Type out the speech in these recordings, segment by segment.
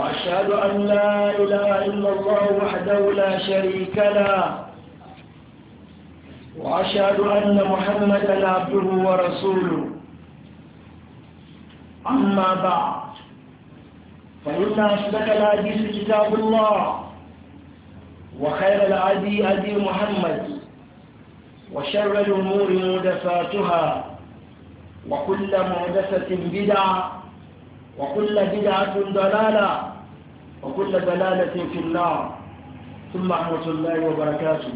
وأشهد أن لا إله إلا الله وحده لا شريك له وأشهد أن محمدا عبده ورسوله أما بعد فإن أصدق الحديث كتاب الله وخير الهدي هدي محمد وشر الأمور مدفاتها وكل مدفة بدعة وكل بدعة ضلالة وكل دلالة في النار ثم رحمة الله وبركاته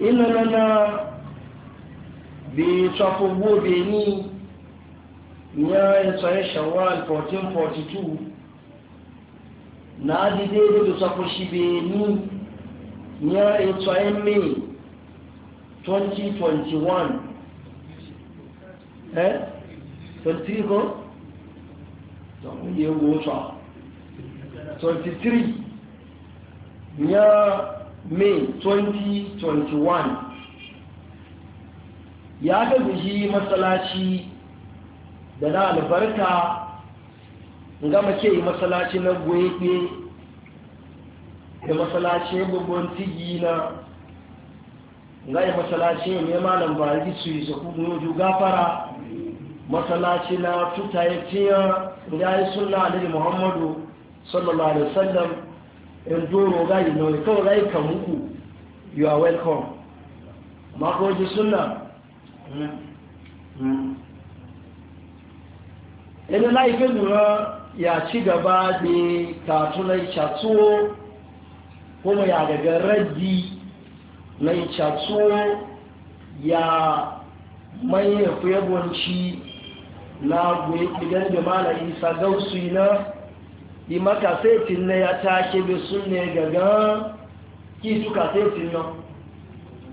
ina nana bi tsofogbo benin ya yi tsaye shawar 1442 na adide da tsofoshi benin ya yi tsaye mai 1944 2021 eh 23 ko to ye 23 nya may 2021 ya ga shi matsalaci da na albarka gama ce matsalaci na goye da matsalaci ya tigi na ngai masalaci ne malam bari su yi zaku goju gafara masalaci na tuta ya tiya da yi sunna alaihi muhammadu sallallahu alaihi wasallam in doro yi no ko gai kan muku you are welcome ma ko ji sunna ina laife lura ya ci gaba da katunai chatsuo kuma ya daga raddi lai chatso ya manyan fuyabonci na goyi idan da mala isa gausu na yi maka setin na ya take bi ne gaga ki suka setin na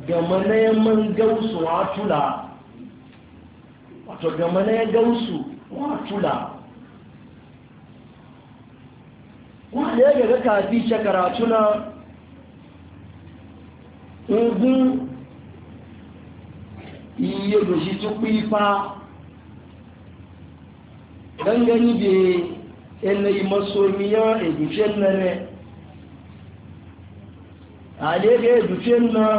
gama na yamman gausu wa tula wato gama na ya gausu wa tula wanda ya gaga kafi shakara tuna ogún iye lòṣì tó pín ipa gẹ́gẹ́ níbi ẹnẹ ìmọ̀sọ̀míyàn èdùfẹ́ nẹ́rẹ́ àdéhẹ́ èdùfẹ́ náà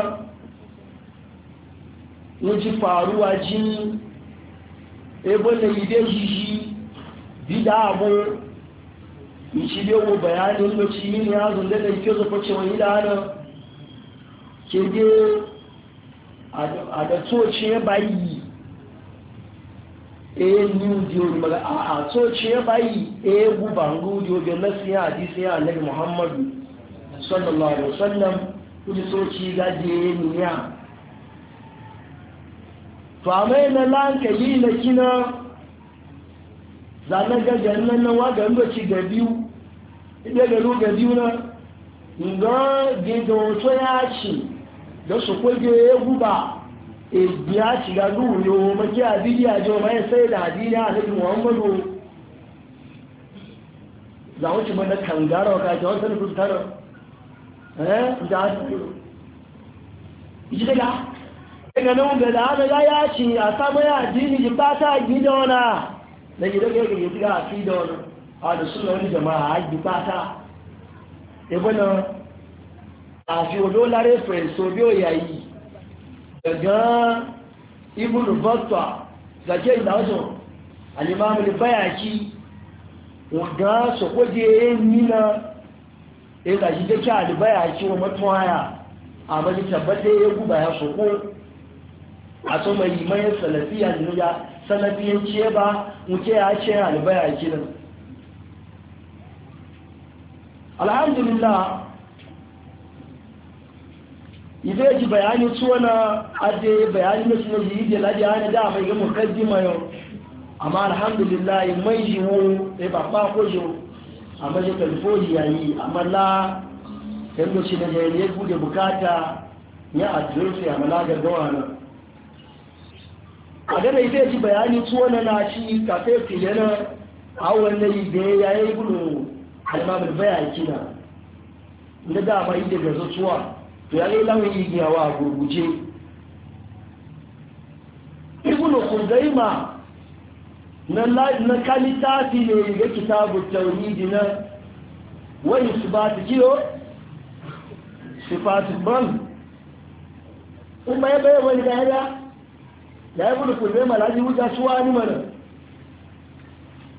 ló ti faruwa jí ebo na ide yiyi bida abu ìṣílẹ̀ owó bayanin lọ́tí yìí ni azùn lẹ́nà ìfẹ́ zọpọ̀ cewa yìí dáadáa kege a da tsociye bayi e ni uji ori maga a a tsociye bayi e eh, guba hangu uji obi nasu ya hadisi ya annabi muhammadu sallallahu alaihi wasallam uji tsoci gaje ni ya to amma na lanka yi na kina zanen gajen nan na waga ndoci ga biyu ibe ga biyu na ga gidan so ya ce da su kwaje ya guba e biya shiga duyo maki a bidiya jo mai sai da adina a nabi muhammadu za wuce mana kangara wa kaji wasu nufin tara eh da ji daga daga nan da da ana ya yaci a samu ya adini ji ba ta gida wana da gida ga gida a fi da wani a da suna wani jama'a a gida ta e na. àfi olóláré fẹ̀ẹ̀sọ bí ó yà yìí gẹ̀gán ibùdó bọ́tọ̀ zake ìdáwọ́sùn alìmọ́mìlì báyàkí ọ̀gán sọ̀kójé nínà ìdàjídé kí àdìbáyàkí yìí ẹ bá ń kí a ṣe àdìbáyàkí náà alhamdulillah ibe ji bayani tsuwana aje bayani na suna yi da laji hana da mai mukaddi ma yau amma alhamdulillah mai ji mu e ba ba ko a amma je kalfoli yayi amma la yan shi da ya ne bude bukata ya adurfi amma la ga na kada da ita ji bayani tsuwana na shi kafe filena awon nayi da yayi gudu almamul bayani kina da da mai da gazo tsuwana ya yi lawan igiyawa a gurguje ibn kudaima na kalitafi ne ga kitabu na wani su ba ta kiyo sifatu ban kuma ya bayan wani daya ya yi ibn kudaima laji wuta suwa ni mana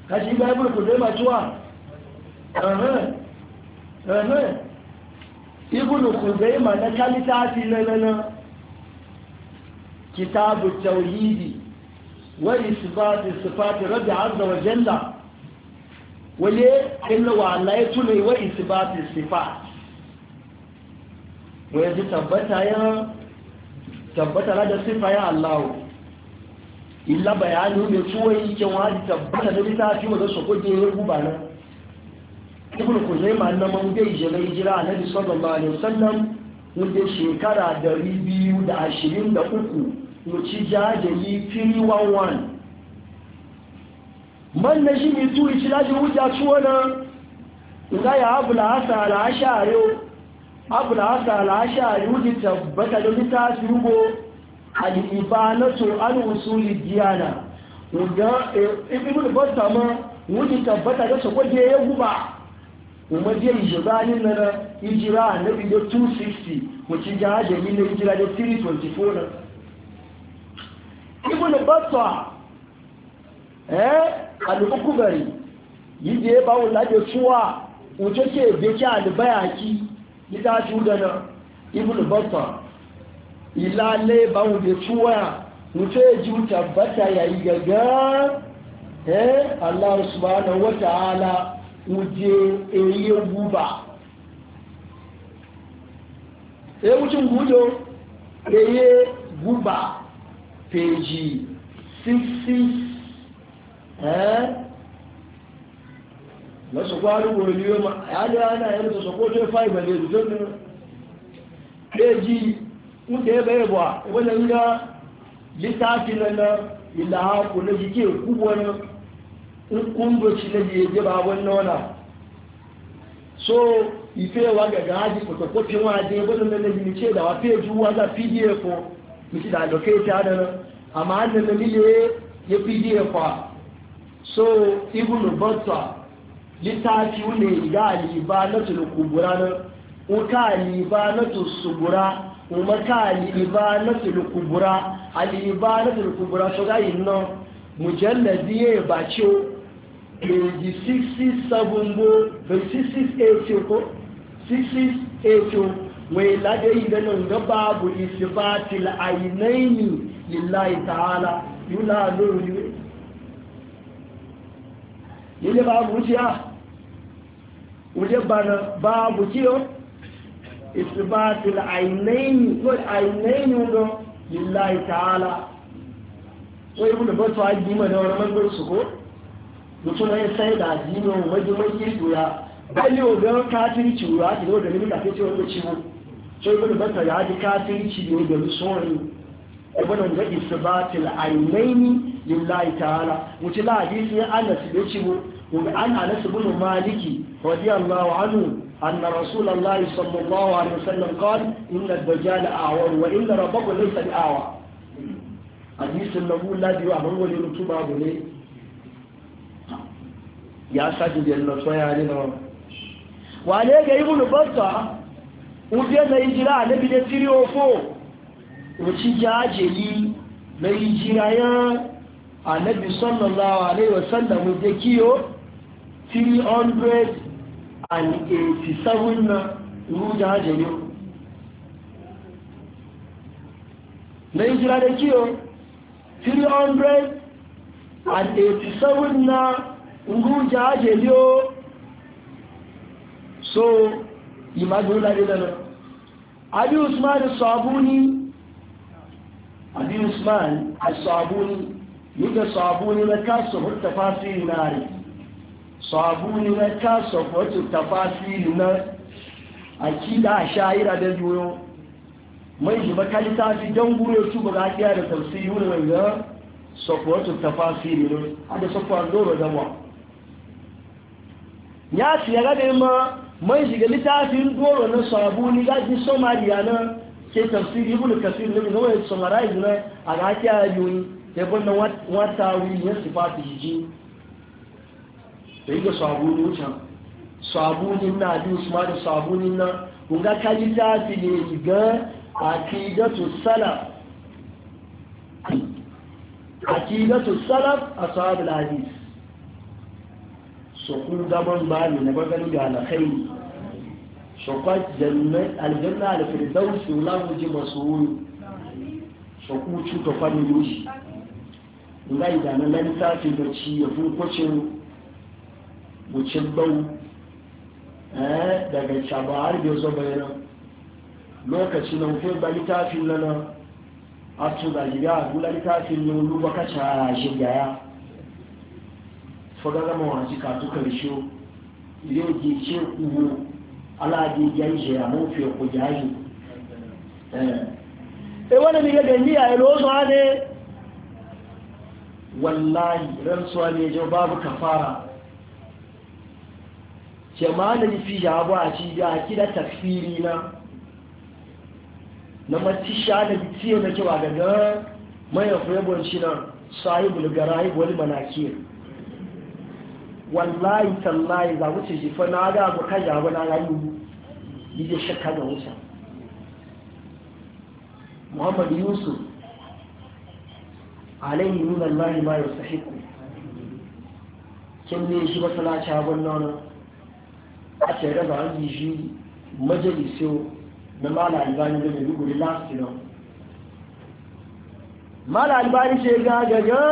kashi ga ibn kudaima suwa ɗanɗan ɗanɗan ibnu kuzaima na kalitafi na nana kitabu tauhidi wa isbatu sifati rabbi azza wa jalla wale illa wa Allah ya tuna wa isbatu sifat wa yaji tabbata ya tabbata da sifa ya Allah illa bayanu ne suwayi kin wadi tabbata da litafi wa da su kuje ruba nan ibn kuzaima na mangai jirai jira a nabi sallallahu alaihi wasallam wanda shekara dari biyu da ashirin da uku 311 man na shi mitu ici laji wuta tuwa na ga ya abu la hasa ala ashari abu la hasa ala ashari wuji tabbata da littafi rubo al-ibanatu al-usuli diyana eh, ibn battama wuji tabbata da su kwaje ya guba kuma je ijibanin na ijira annabi da 260 wacce jihar da yi na ijira da 324 na ibn batta eh al-ukubari ba ya bawo laje suwa wacce ke beki al-bayaki ita shuga na ibn batta ilale bawo da suwa wacce ji tabbata yayi gaga eh Allah subhanahu wa ta'ala wuje eye guba e wucin gudo eye guba peji 66 eh lọ́sọ̀ kó arúgbò rẹ̀ yóò máa àádọ́ àádọ́ ẹ̀rọ sọ̀sọ̀ kó tó fà ìbẹ̀lẹ̀ ìdúdó nínú péjì ń tẹ́ bẹ́ẹ̀ bọ̀ ìwọ́n lẹ́yìn náà lítàkì na ìlàákò lẹ́jì kí nkumbuci na biye jeba wannan wana so ife wa ga gaji ko ko tin wa de bodo na na ce da wa pe ju wa za pdf ko mi da locate ada na amma an na ni le ya pdf fa so ibn batta litafi ne ga ali ba na tul kubura na o ka ali ba na tul subura o ma ka ali ba na tul kubura ali ba na tul kubura so ga yin no mujalladi ba ciwo keji 667 bo bai 668 ko 668 wai ladayi da nan ga babu isifatil ainihi lillahi ta'ala yula lori ne yile babu wuciya wuje bana babu kiyo isifatil ainihi ko ainihi ga lillahi ta'ala wai mu da ba su haji mana wani mutum ya sai da dino mai mai guya bali o don katirci ruwa da ne da minka ce wanda ci mu sai gudu banta ya ji katirci ne da sonu e bana ga isbatil aynaini lillahi ta'ala mutum la hadisi ya anas da ci mu ko an anas bin maliki radiyallahu anhu anna rasulullahi sallallahu alaihi wasallam qala inna ad-dajjal a'war wa inna rabbaka laysa bi'awa hadisin nabu ladi wa bangole mutum babu ne ya ṣájúdẹ̀ lọ sọ́yà nínú wà ní ẹgẹ̀ ibùn bọ́ta ojú ẹ̀lẹ̀ ìjírá lẹ́bílẹ̀ tí rí òfò òtí jáàjẹ̀ yìí lẹ́ ìjírá yán ànẹ́bí sallallahu kí ó 387 na irú jáàjẹ̀ yóò lẹ́ ìjírá na ngú jẹ́ ajé lé ó so ìmájú láyé lẹ́nà àbí usman sọ̀búní àbí usman sọ̀búní yíká sọ̀búní na ká sọ̀fọ́ tafásí iná rẹ̀ sọ̀búní na ká sọ̀fọ́ tafásí iná akida sha'ira da juyo mai ji makalita fi don gure su ba za da tafsiri wani mai a da da ya shiga gane ma man shiga littafin doro na sabu ni gaji somaliya na ke tafsiri ibn kasir ne ga wani summarize na a ga ake ayoyi da ban na wata wuri ya su jiji da yi ga sabu ne wuce sabu ne na bi usman da sabu ne na kunga ka littafi ne ga akidatu salaf akidatu salaf a ashabul hadith sukun zaman ne na bagani da alakai shakwat aljanna alfirdausi ji masu wuri shakku cuta kwanu yoshi ina idanu na littafin da ci ya fi kwacin wucin bau daga har da zo bayan lokaci na wufin ba littafin na nan a tuba gida a gula littafin na wulu baka shirya ya fọ́gá mọ̀ àti kàtúkà ìṣó ilé òjì tí ó kú wo aláàjì ìjà ìṣe àmọ́ òfin ọ̀pọ̀ ìjà ayò. ewé ni mi gẹ́gẹ́ ní àìlò ó sọ ne? wallahi rantsuwa ne jau babu kafara jama'a da fi abu a ci da aki da tafiri na na matisha da bitiyo na kewa daga mai afirabon shi na sahibul garahib wani manakiyar wallahi tallahi za mu wuce jifa na ga mu kan ya na rayu ni da shakka da wusa Muhammad Yusuf alaihi min Allah ma yastahiqu kin ne shi masalaci abun nan a ce da an yi shi majalisi na mala albani da mai guri last year mala albani ce ga gaga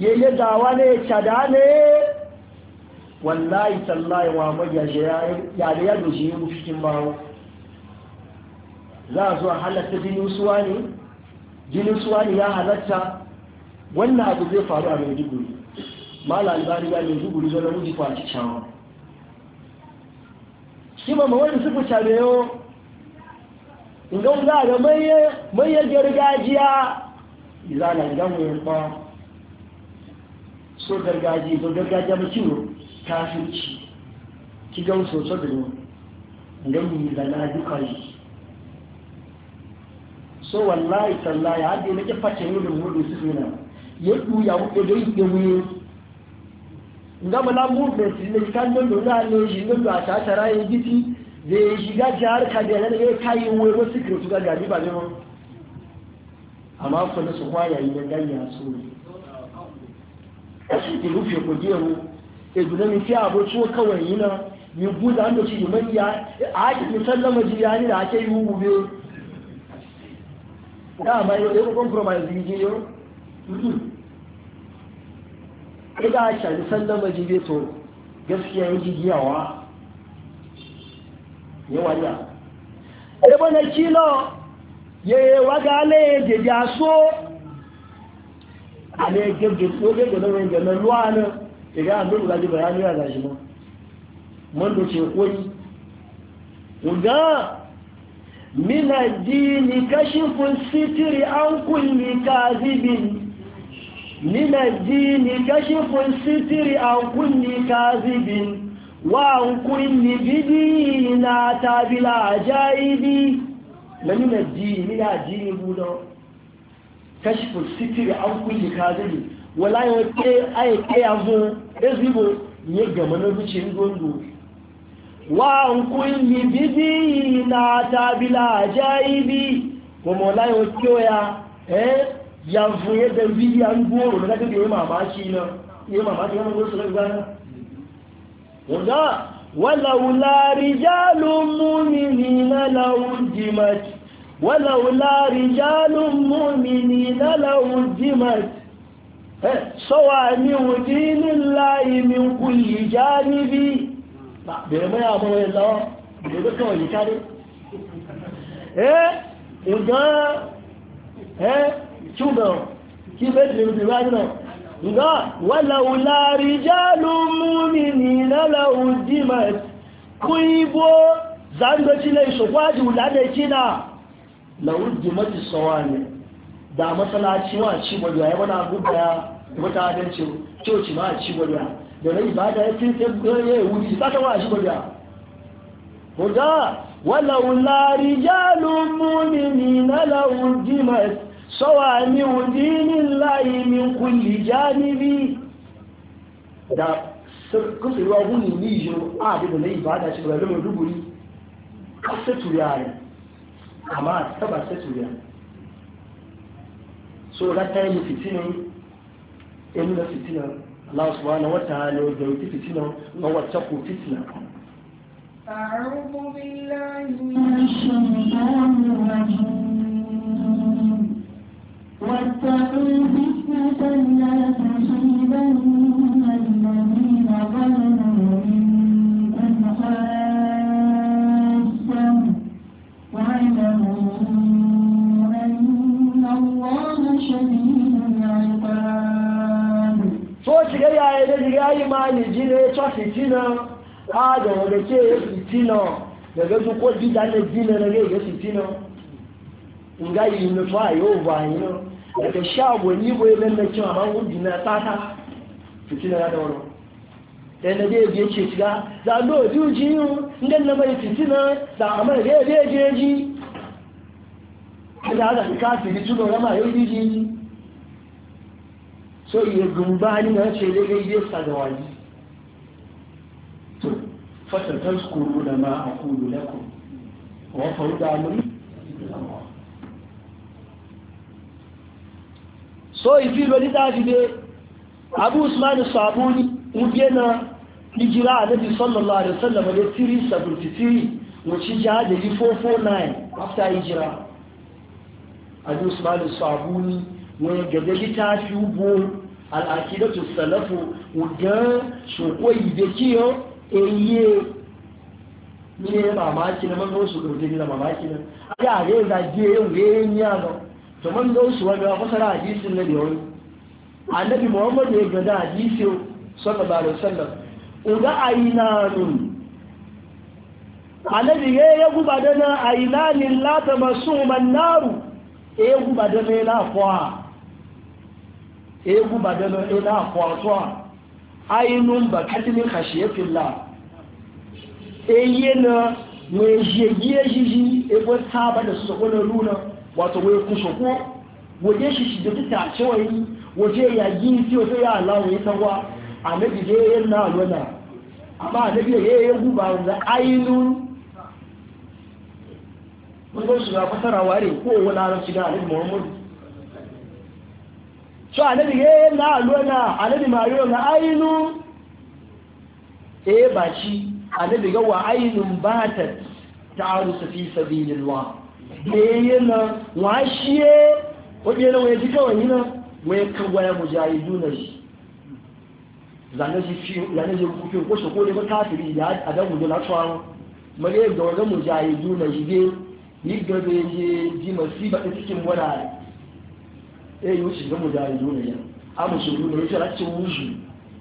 yeye dawa ne cada ne wallahi tallahi wa magiyaje ya da ya doji mu cikin bawo za a zo halatta jinin suwa ne jinin suwa ne ya halatta wannan abu zai faru a maiduguri mala albari ya maiduguri zo na muji kwa cikin shi ba mawani suka cabe yau in za a ga manyan gargajiya izana idan mai ba so gargaji so gargajiya ba ciwo kafirci ki ga so so da ndan mu da na duka yi so wallahi tallahi hadi nake fata yi da mudu su ne ya du ya da yi mu nga mala mu da shi ne kan don da ne shi ne da ta tara yi giti zai shiga jihar kaduna ne ya yi wai wasu kirtu ga gari ba ne amma fa su kwaya yi da ganya su ne ki rufe ku gero e duna mi fi abu so kawai yi na mi guda an da ci man ya a haki mi sallama ji ya ni da ake yi hu be da ma yo e ko compromise ni yau, yo e da aisha mi sallama ji be to gaskiya yi jigiyawa yawa ya e bana kilo ye waga le da ya so ale gege tsoge gane wani gane ruwa na daga abin da ji bayani a gashi ma man da ce koyi ga mina dini kashifun sitiri an kulli kazibin mina dini kashifun sitiri an kulli kazibin wa an kulli bidi na tabila ajaibi na mina dini mina dini budon kashfu sitiri an kulli kadiri wala ya ke aye ke yazo ezibo ye gama na ruci ngondo wa an kulli bidi na tabila jaibi ko mola ya ke ya eh yanzu ya da bibi an goro daga da yayi mamaki na yayi mamaki na goro sai ga wanda walaula rijalun mu'minina lawujimat wọ́lọ̀wọ́lá rìjálù múmi ní lọ́lọ́wọ́ jímọ̀t sọ́wà ní òjí nílá ìmì kú ìjá níbi bẹ̀rẹ̀ mẹ́ra mọ́ ẹ lọ ìgbẹ̀rẹ̀ kan yìí kárí ẹ́ ǹgán ẹ́ túnbọ̀ kí bẹ́ẹ̀ ǹgán wọ́lọ̀wọ́lá rìjálù múmi ní lọ́lọ́wọ́ jímọ̀t kú ibó zandochile ìṣòkwájú ládẹ̀ kí náà lawuddi maji ne da matsalaci wa ci gwada ya wana gudaya mutanen coci ma a ci gwada da rai ba da ya fi ya yi wuri tsaka wa a ci gwada kuda walaula rijalun mu'minina lawuddi maji sawani wudinin layi min kulli janibi da kusurwa wuni ni jiro a da na ibada ci gwada mai ruburi kasatu yare amma a taba ta tuya so da ta yi fitinin in da fitinan Allah subhanahu wa ta'ala da yi fitinan na wacce ku fitina أعوذ بالله من الشيطان الرجيم واتقوا فتنة لا تصيبن الذين ظلموا منكم خاصة واعلموا أن الله شديد العقاب فوشي يا إلهي يا إيماني جيني تفتنا هذا ولكي يفتنا daga ko jida na jina na ne ga fitina nga yi na fa yo ba yi no daga shago ni boye nan na cewa ba wujina tata fitina ya da wannan ẹni dé ebi echi echiga zando obi uji ihu ndị na mai fiti za a amara ga ebe eji eji da aka ka fili tuno na ma yau diji ji so iye gumba ni na ce da gaje sa da wani to fata taskuru da ma aqulu lakum wa fawda amri so ifi bali ta dide abu usman sabuni uge na hijira a nabi sallallahu alaihi wasallam da 373 wacce jihadari 449 after hijira a ji usman sabuni wani gaba littafi ugbo al'akidatu salafu ugan shokoyi da kiyo eye ne mamaki na man gausu ɗauke ne na mamaki na a ga a yau zage yau ga a yano to man gausu wani ya fasara hadisin na da yawon annabi muhammadu ya gada hadisi sallallahu alaihi wasallam uga ainanun alabi ye na ainanin lata masu mannaru e guba da na ila kwa e guba na ila kwa ainun ba katilin na jiji e saba da su kwanar luna wato wai kusa ko waje shi shi da ta cewa waje ya yi fiye ya alawai ta annabi dai yayin na alwala a annabi ya yayin guba da ainun wajen shiga fasara ware ko wani larabci da annabi muhammadu so annabi na alwala annabi ma yau na ainun eh ba shi annabi ga wa ainun batat ta'arusu fi sabilillah yayin wa shiye wajen wajen kawai yana wajen kawai mujahidu na shi zane ji kufin ko shi kone ba kafiri da a dan gudu na tsawo mare ga mu ja yi shige yi gado ya yi ji masiba ta cikin wada ya eh, yi wuce ga mujahidu na yan amma shi juna ya tsara cikin wuzu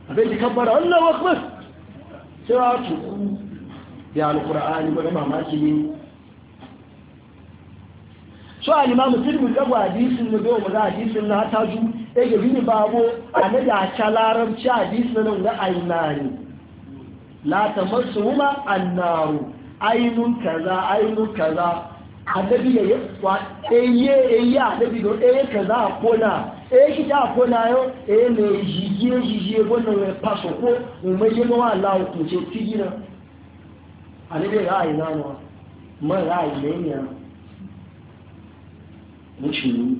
a bai ji kabbara wannan wakmas sai wa tuku da alkur'ani wani mamaki ne so alimamu sirmi gaba hadisin na bai wa maza hadisin na ta ju yake bini babo a na da ta larabci a disinin ga ainani la annaru kaza ainun kaza annabi da ya eye eye annabi da eye eh, kaza a kona eye eh, shi ta kona yau eye eh, mai jijiye jijiye wannan mai faso ko umar yi mawa allahu kuce tigina annabi da ainani ra'ayi ne mucini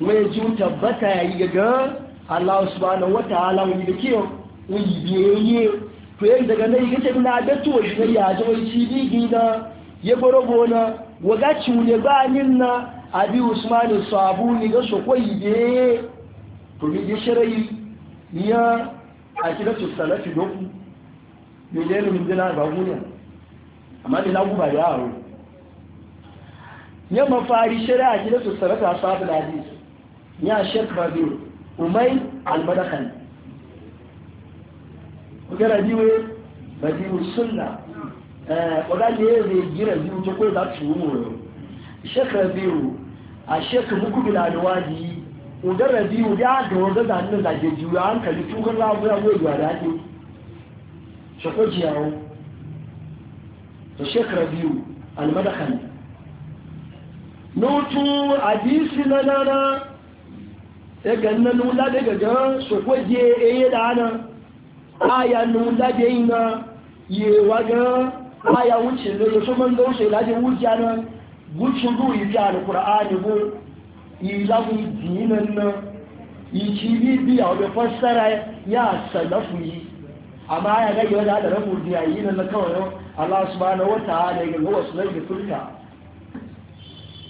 mai ji tabbata yi gaga Allah wata ala wani da ke wani biyayye to yin daga nai gace na da tuwa shi ya ji wani cibi gida ya gorobo gona waga wule ba nin na abi usman sabu ni ga so koyi be to mi ya shirai ya akidatu salati doku yo dele min da ba gunya amma dina ku ba yaro ya mafari shari'a akidatu sabu da hadis ya sheikh babi umay al-madakhani ogara diwe babi sunna eh oda le re gira bi to ko da tu mu sheikh babi a sheikh mukbil al-wadi ogara diwe da da ogara da nan da je juwa an kali tu kan lawo ya go da ake shako jiyawo to sheikh rabiu al-madakhani nutu hadisi na nana daga nanu la daga gan soko je eye dana aya nu la de ina ye gan aya wuce lo so man do se la wuce ana wuce bu yi ja alqur'ani bu yi la bu dinan na yi ci bi bi a da fassara ya salafu yi amma aya ga da da rabu diya yi nan kawai Allah subhanahu wa ta'ala ga wasu da turka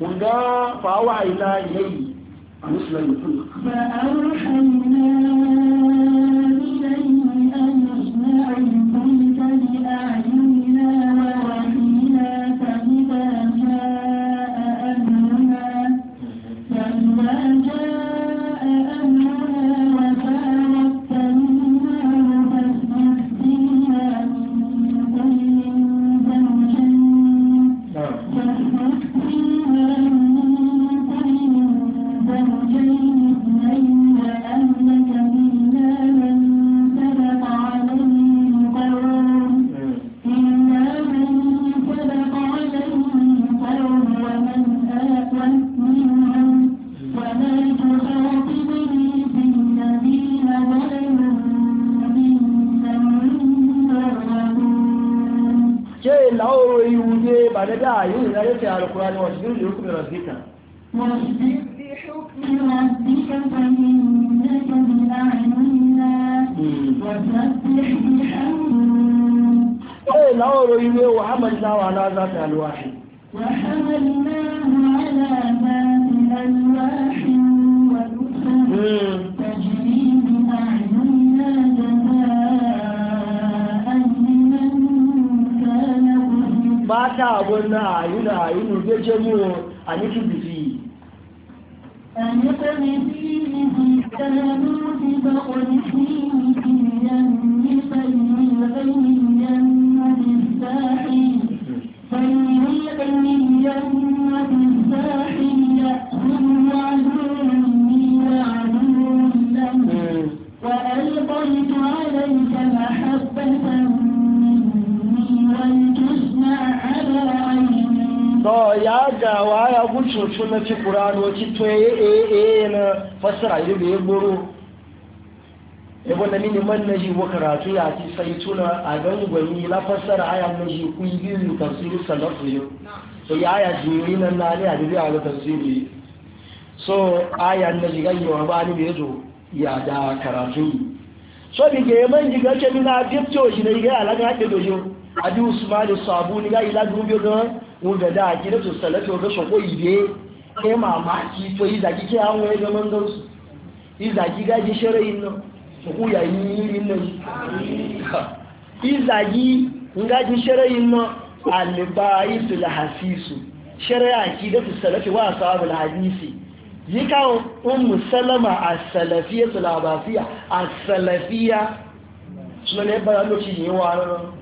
wọ̀dá fàáwà ìlà ilẹ̀ yìí àwọn ìṣẹ̀lẹ̀ yìí ji wa karatu ya ci sai tuna a gwani na fassara aya na ji kun yi tafsiri salatu yo so ya aya ji nan na ne a jiri a ga tafsiri so aya na ji wa ba ni ya zo ya da karatu so bi ge man ji ga ce na jipto shi ne ga alaga ke dojo adi usman sabu ni ga ila dubi ga mun ga da ki da salatu ga so ko ibe ke mamaki to yi da ke an waye ga man gansu yi da ki ga ji shirayin nan ku ya yi nan iza yi ngajin sharayin ma alba'isu lahasisu shari'a ki da su salafi wa sahabul hadisi yi kawo ummu salama as-salafiyya salabafiyya as-salafiyya suna ne bara lokaci ne wa ran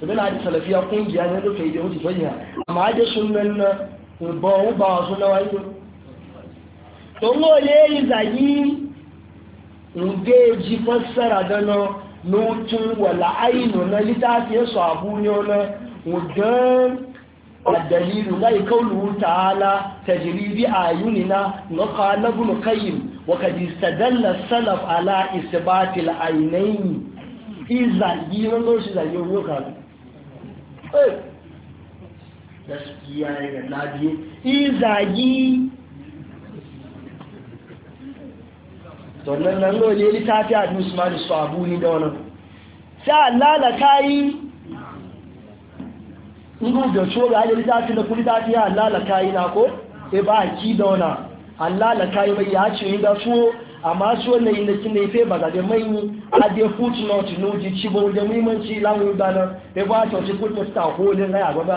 sabi na hadisi salafiya kungiya ne da kai da wuce fanya amma hajji sunan na ba ndeji fassara da na nutun wala ainu na littafi ya sabu ne wani wudan dalilu na ikaulu ta'ala tajribi ayunina na qalabul qayyim wa kad istadalla salaf ala isbatil aynayn eh, iza yi lo shi zayo yo ka eh gaskiya ne na iza yi sannan nan lo ne littafi a usman su abu ni da wannan sai Allah la kai ngu da so ga littafi da kuli tafi Allah la kai na ko sai e ba ki da wannan Allah la kai bai ya ce da so amma so ne inda kin ne fe baga da mai a da footnote no ji cibo da muhimmanci lawo da nan sai e ba ta ci footnote ta holin rai a gaba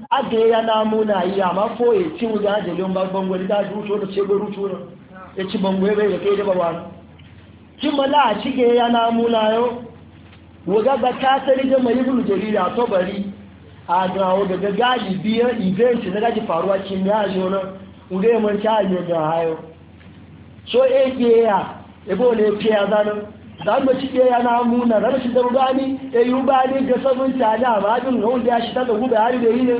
ade ya namu na yi amma ya ci a wuza ajalin bango da ruto da ce ruto na ya ci bango ya bai da kai da bawa na kin mala a cike ya namu na yau wuga ba ta sani da mai bulu jarida to bari a gawo daga gaji biyar event na gaji faruwa kin ya zo na wuga ya ta a da hayo so ake ya ebo ne ya zanen zan ba cike ya na muna rashi da rugani ya yi rugani ga sabon tana ba jin wanda ya shi ta ga gube har da yi ne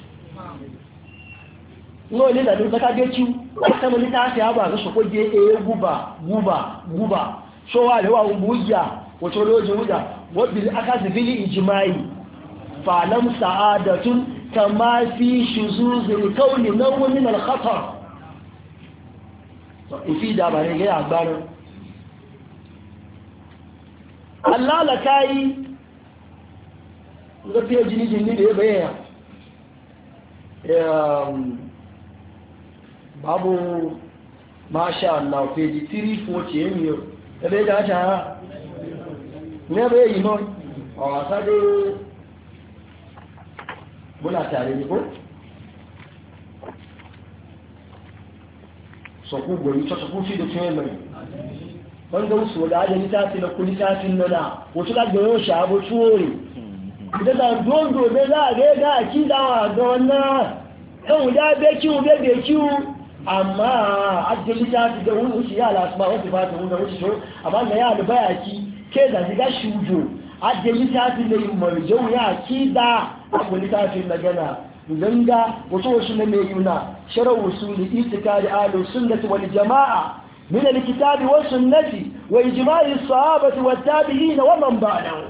no ile da duka kaje ci ta mun ta ta ba ga soko je e guba guba guba so wa lewa buja wato loji wuja wabil akasi fili ijmai fa lam sa'adatun kama fi shuzuzil kauni nawu min al khatar ifi e da ba bare ga e agbarin Allah la kai ga fiye jini jini da ya bayyana ehm, babu masha Allah page 340 èmi o ẹbẹ́ dáadáa ara ní ẹbẹ́ yìí náà ọ̀rọ̀ sáré bọ́lá tààrí nígbó sọ̀kú gbòrí sọ́sọ̀kú fídò tí wọ́n mẹ́rin wọ́n gbọ́ sọ láàájẹ́ ní tààtí lọ kú ní tààtí lọ́dá òtún lágbẹ̀rẹ̀ òṣàbò túwòrì ìdẹ́ta gbóǹdò bẹ́ láàrẹ́ dáàkí láwọn àgbọn náà ẹ̀hùn dáa bẹ́ kí amma adalita da wani wuce ya lasuma wasu ba ta wuce amma na ya da ki ke da ziga shujo adalita su ne marjau ya ki da adalita su na gana zanga wasu wasu na mai yuna sharar wasu da itika da alo sunnati wani jama'a من الكتاب والسنة وإجماع الصحابة والتابعين ومن بعدهم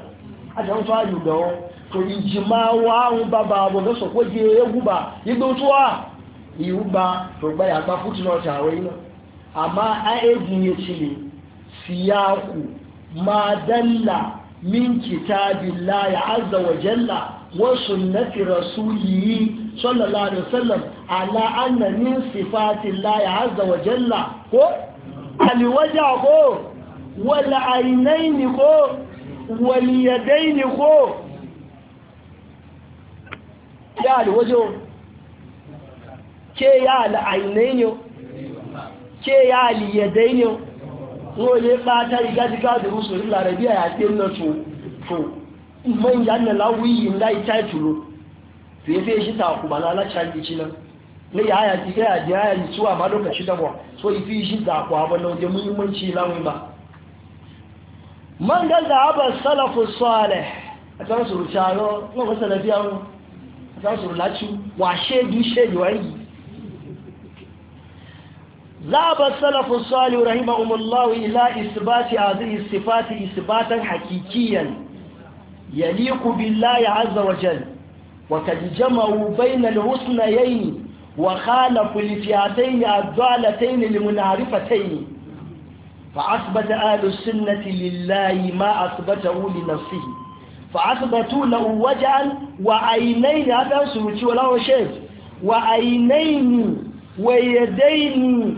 أجل صحيح يقول to ijima wa ba ba bo ga so ko je yuba yido tuwa yiwu ba rugba ya ba futu na wata hawaii na amma a ejin ya cile siyaku ma dalla min kitabillah ya azza wa jalla wa sunnati rasulihi sallallahu alaihi wasallam ala anna min sifatillah ya azza wa jalla ko alwaja ko wal ainaini ko wal yadaini ko ya alwajo ke ya al'ainai ke ya aliyadai ne wọ́n yẹ bá tàrí da rúsù rí lárẹ̀bí àyàtẹ́ náà tó tó mọ́njá nà láwúyí ńlá ìta ìtùlò fèéfèé sí ta àkùbà lálàchá ìjì náà ní yà áyà ti gáyà jẹ́ áyà tó àmà lókàcí dábọ̀ so ifi shi da àkù àbọ̀ náà jẹ́ muhimmanci láwọn ba man ga zaɓa salafu sọ́ọ̀lẹ̀ a kan suru taro wọn kasa lafiya wọn a kan suru lati wa shaidu shaidu ذهب السلف الصالح رحمهم الله إلى إثبات هذه الصفات إثباتا حقيقيا يليق بالله عز وجل وقد جمعوا بين الحسنيين وخالفوا الفئتين الضالتين المنعرفتين فأثبت أهل السنة لله ما أثبته لنفسه فأثبتوا له وجعا وعينين هذا سوتي ولا شيء وعينين ويدين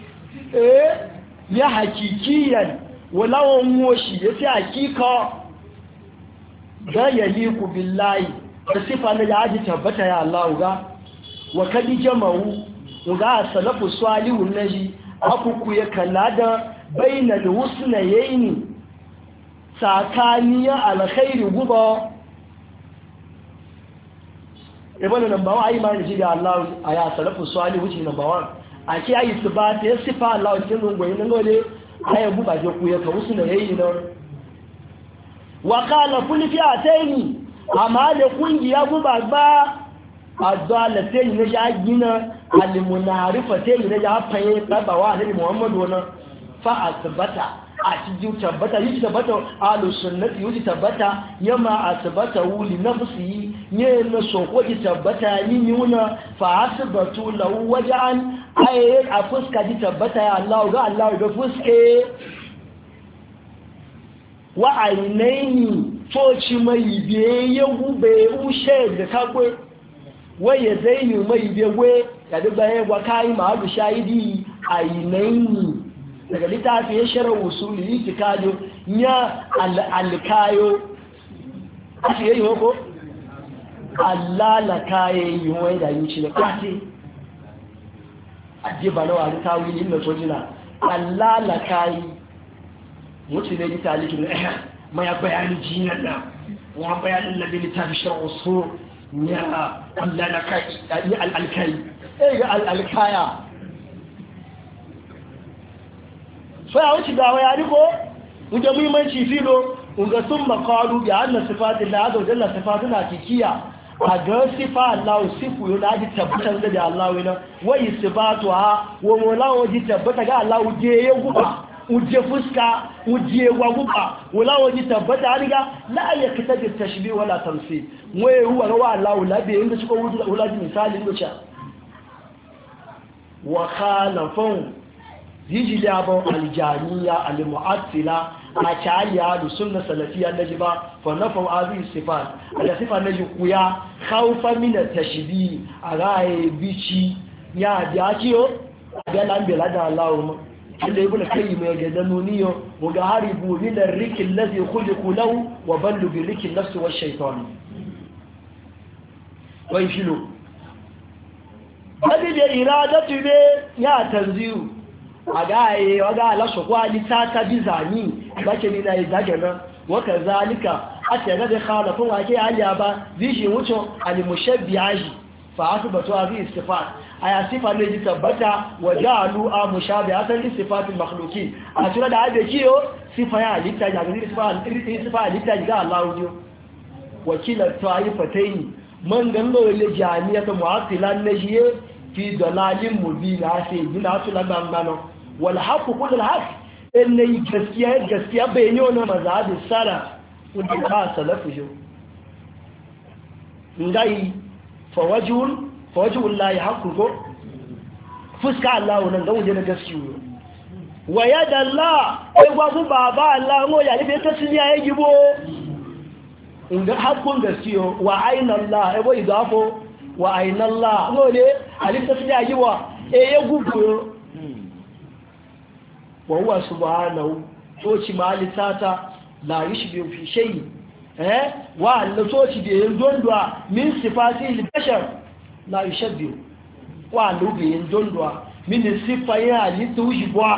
Eh, ya hakikiyan walawan moshi ya fi hakika da yali ku billahi da sifa na ya aji tabbata ya Allah ga wa kadi jama'u ga salafu na naji akuku ya kalla da bainal husnayaini tsakaniyar alkhairu guba ibanu number 1 yi ma ji da Allah aya salafu salihu wuce number 1 a ce a yi su ba ta ya sifa Allah cikin rungwayi na a yi bu baje ku ya kawo su da yayi nan wa kala kuli fi a ta yi a ma da kungiya bu ba ba a zuwa na ta yi na ya gina alimu na harifa ta na ya fanye ɗabawa alimu muhammadu wani fa a tabbata a cikin tabbata yi tabbata alu sunnati yi tabbata yamma asbata wuli ne na soko yi tabbata ni yuna fa asbatu lahu wajan ay a fuska ji tabbata ya Allah ga Allah ga fuske wa ainaini foci mai biye ya gube ushe da kakwe waye mai biye ya duba yi. gwa kayi ma'adu shahidi daga littafi ya shirar ki kajo ya alkayo ake yayi hoko yi wai da yi ci da kwati ajiye ba na wari tawi ne na so jina alalakaye mutu ne gita alikin eh, ma ya bayani jinan na wa bayanin ta fi shirar wasu ya alalakaye ya alkayi ya eh, yi alkaya. sai wuce da ya riko inda muhimmanci filo unga sun makaru bi anna sifatin da azza jalla sifatuna kikiya a ga sifa Allah sifu yo da ji tabbatar da Allah wai na wai sifatu ha wa mola ji tabbata ga Allah je ya guba uje fuska uje wa guba wala waji tabbata riga la ya kitabi tashbih wala tamsil wai huwa wa Allah la bi inda suka wuce da ulaji misali inda cha wa khalafun yiji labon aljaniya almu'attila a cariya da sunna salafiya na ji ba fa na fa azu sifat a da sifat na ji kuya khaufa min tashbi a raye bici ya da ciyo da lambe la da Allah mu inda ibnu qayyim ya gada nuniyo wa ga min ar-rikl khuliqu lahu wa ballu bi rikl nafsi wa shaytan wai shilu Wani da iradatu ne ya tanziyu agaye waga alasoko alitata bizani bake nina izagana wakazalika atega de khala fun wake aliya ba zishi wucho alimushabbiaji fa asbatu hadhi istifat aya sifa na ji tabbata wa ja'alu a mushabbiatan li sifatil makhluqin a tura da abe yo sifa ya alita ya gani sifa sifa alita ga Allah ujo wakila ta'ifatayn man gando le jami'a ta mu'attilan najiye fi dalalin mubin ashe gina su la gbangba no wal haqu qul In na yi gaskiya gaskiya bai ne wannan mazhabi sala wanda ba salafu jo Nga yi wajhul fa wajhul la yahqu ko fuska Allah nan ga wuje na gaskiya wa yada Allah ai gwa ku baba Allah ngo ya yi ibe ta sun yayi gibo inda hakkun gaskiya wa aina Allah ai bo idafo Wa N'o ne wà àìnàlá lóòlé àlítọ́sílẹ̀ àyíwà eye gúgbò wọ́n wà subhanahu tó ci ma alitata la yushbihu fi shay'in eh wa alla to ci da yin dondwa min sifati al-bashar la yushbihu wa alla da yin dondwa min sifayin halittu shibwa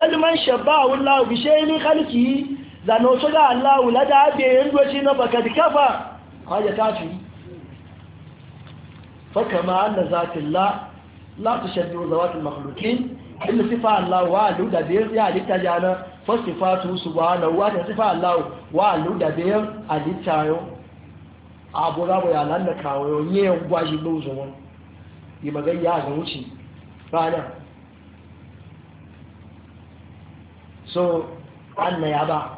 kalman shabahu Allah bi shay'in khalqihi zano so da Allah la da be yin doci na baka dikafa haja kafiri فكما أن ذات الله لا تشبه ذوات المخلوقين إن صفة الله وعلو دبير يعني تجانا فصفاته سبحانه وعلو صفة الله وعلو دبير يعني تجانا abu za mu yalan da kawo ne ya gwashi lozo wani yi magayya ga wuce ranar so an na ya ba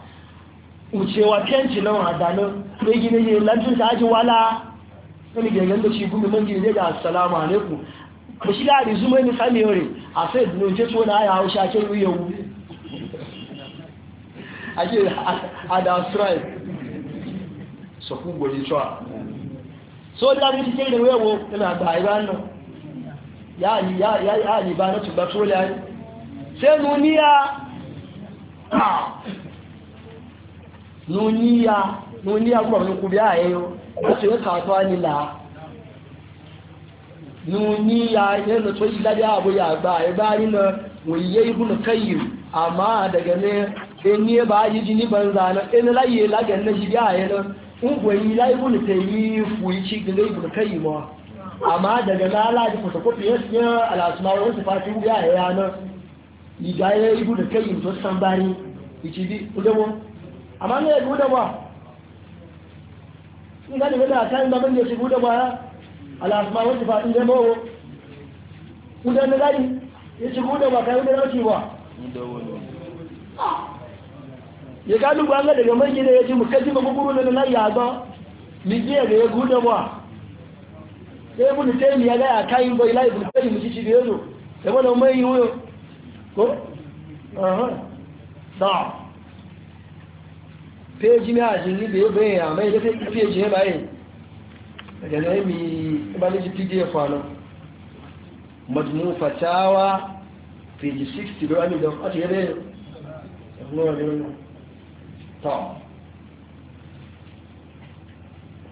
ucewa fenci nan a danin rigi ne aji wala wani gangan da shi gumi mọ́gí ne da assalamu alaikum kò sí láàrin zúmọ́ ní a fẹ́ ìdínú tí tó na yà áwọ́ṣà kí ó yẹwu ajé adastrai sọkún gbòdì tọ́ so ó dábí ti kéde wẹ́wo nínú àgbà ìbá náà yáà ní ìbá náà tùgbà nuniya nuniya kuma wani kubi a yayo wasu ya kasuwa nila nuniya yana to ilade abu ya gba ya ba ni na wuye ibn kayi, amma daga ne in ne ba ni jini banza na in laye lagan na jibi a yana in yi la ibn fu yi ci yi gina kayi kayyim amma daga na lala da fotokofi ya siya alasuma wasu fati ya yana igaye ibn kayi to san bari ichi bi kudewo amma me ya buɗe ba in ka nufi da kayan babin da shi buɗe ba ya al'asma wasu faɗin da mawo kudan na gari ya shi buɗe ba kayan da rauci ba ya kalu ba ga daga mai gida ya ce mukaji ba kukuru da na ya ga mijiya da ya buɗe ba sai ibn taymi ya ga ya kayan bai la ibn taymi ci shi da yazo sai mai yi ko da péjì méjì níbi ebe èèyàn àmẹ́ ilé péjì yẹn báyìí ẹ̀dẹ̀nà èmì ìbálẹ́jì pdf àná mọ̀tùmù fàtàwà péjì 60 lọ́wọ́ nílọ láti yẹ́ bẹ́ẹ̀ ẹ̀fúnlọ́wọ́ nínú tọ́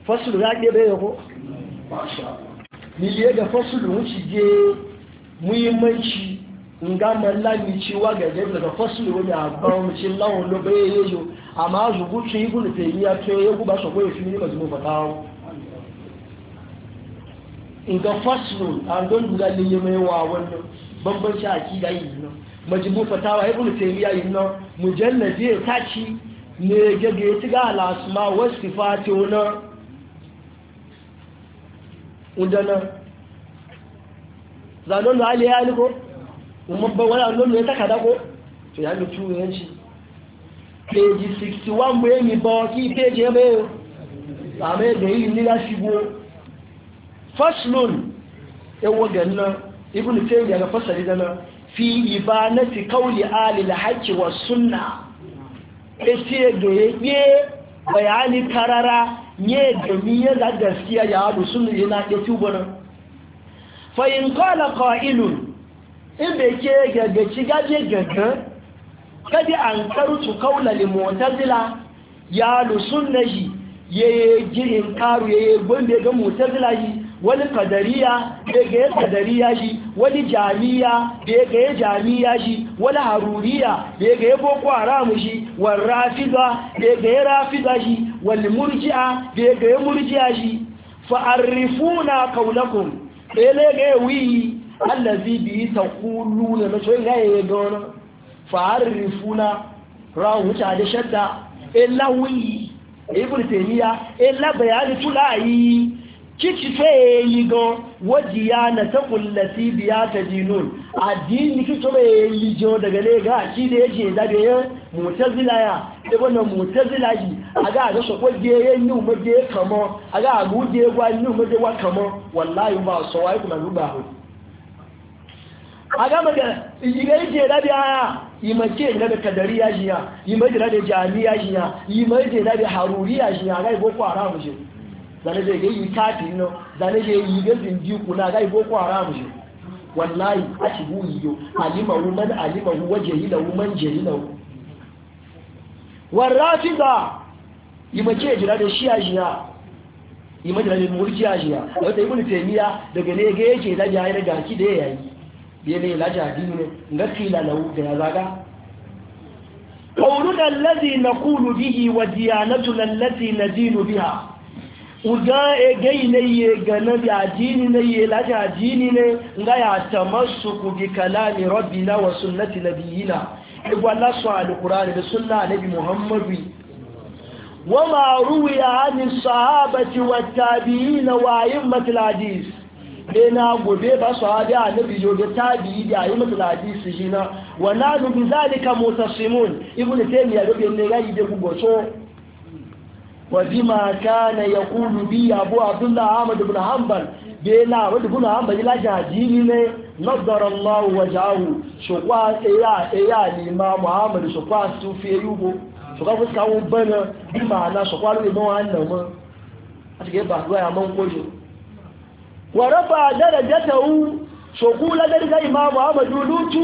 fọ́sùlù láti yẹ́ bẹ́ẹ̀ yọkó nílé ẹ̀dẹ̀ fọ́sùlù ń ti jẹ́ muhimmanci nga mallami cewa ga jẹ́ daga fọ́sùlù wani àgbà wọn ce láwọn lọ́bẹ̀ẹ́ yóò àmá ṣùgbú ṣe igun lè tèyí a tí ó yẹ gúbá ṣọ̀gbọ́ èsì ní ìgbàjúmọ̀ fàtàwọ́ nǹkan fásitì àndọ́n gbúgbà lè yẹ mẹ́wàá wa wani bambam shi akida yi nan majibu fatawa ibn taymiya yi nan mujalladi ya taci ne gaga ya tiga ala asma wa sifati na zanon da ali ya ni ko umma ba wala non takada ko to ya lutu yanci page 61 gbé nìbọn kí page ẹgbẹ́ àmì ẹgbẹ̀ yìí nílá ṣígbó first loan ewo ganna ibn taymiya ga fasari dana fi ibanati qawli ali al-haqq wa sunna esi egbeye ye bayani karara ye gami ya da gaskiya ya hadu sunna fa in ke gaggaci gaje kadi an karutu kaula limotazila ya lusunna shi ya yi girin karu ya yi gwambe ga motazila yi wani kadariya da ga ya kadariya yi wani jamiya da ga ya jamiya yi wani haruriya da ga ya boko haramu shi. wani rafiza da ga ya rafiza shi. wani murji'a da ga ya murji'a yi na kaunakun ɗaya ne ga ya wuyi allazi biyi ta kulu na mace ga ya yi fa'arifuna rawu wuce a da shadda illa wuyi ibn taymiya illa bayani tulayi kici fe yi gan wajiya na ta kullati biya ta dinun addini kici me yi jo daga ne ga shi da yake da ga mutazila ya da wannan mutazila yi a ga so ko je yen ni mu je kama, a ga uje gwa ni mu je wa kamo wallahi ba so wai kuma ruba ho aga maga yi ga yake da imake na da ya jiya imake na da jamiya jiya imake na da haruriya jiya ga boko haram shi zane zai yi kati no zane zai yi ga zinji kuna ga boko haram shi wallahi a ci buyi yo alima woman alima huwa jahila woman jahila warafida imake jira da shiya jiya imake na da murjiya jiya wata yi taymiya daga ne ga yake da jahi da gaki da yi bele laja dinu ga kila lahu da zaga qawluna alladhi naqulu bihi wa diyanatuna allati nadinu biha uga e gaine ye gana da dini ne ye laja dini ne ga ya tamassuku bi kalami rabbina wa sunnati nabiyina igwala su alqur'ani da sunna nabi muhammadu وما روي عن الصحابة والتابعين وأئمة الحديث be na gobe ba su hadi annabi yo da tabi da ayi mata hadisi jina wa la nu bi zalika mutasimun ibnu miya dubi ne gayi de gugo so wa bi ma bima kana yaqulu bi abu abdullah Ahmadu ibn hanbal be na wadu ibn hanbal la jahili ne nadara allah wajahu shukwa ya ya ni ma muhammad shukwa sufi yugo shukwa fuska wo bana bi ma na shukwa lo mo annamu a cikin ba ya man kojo ورفع درجته شكو لدرجة إمام أحمد يلوت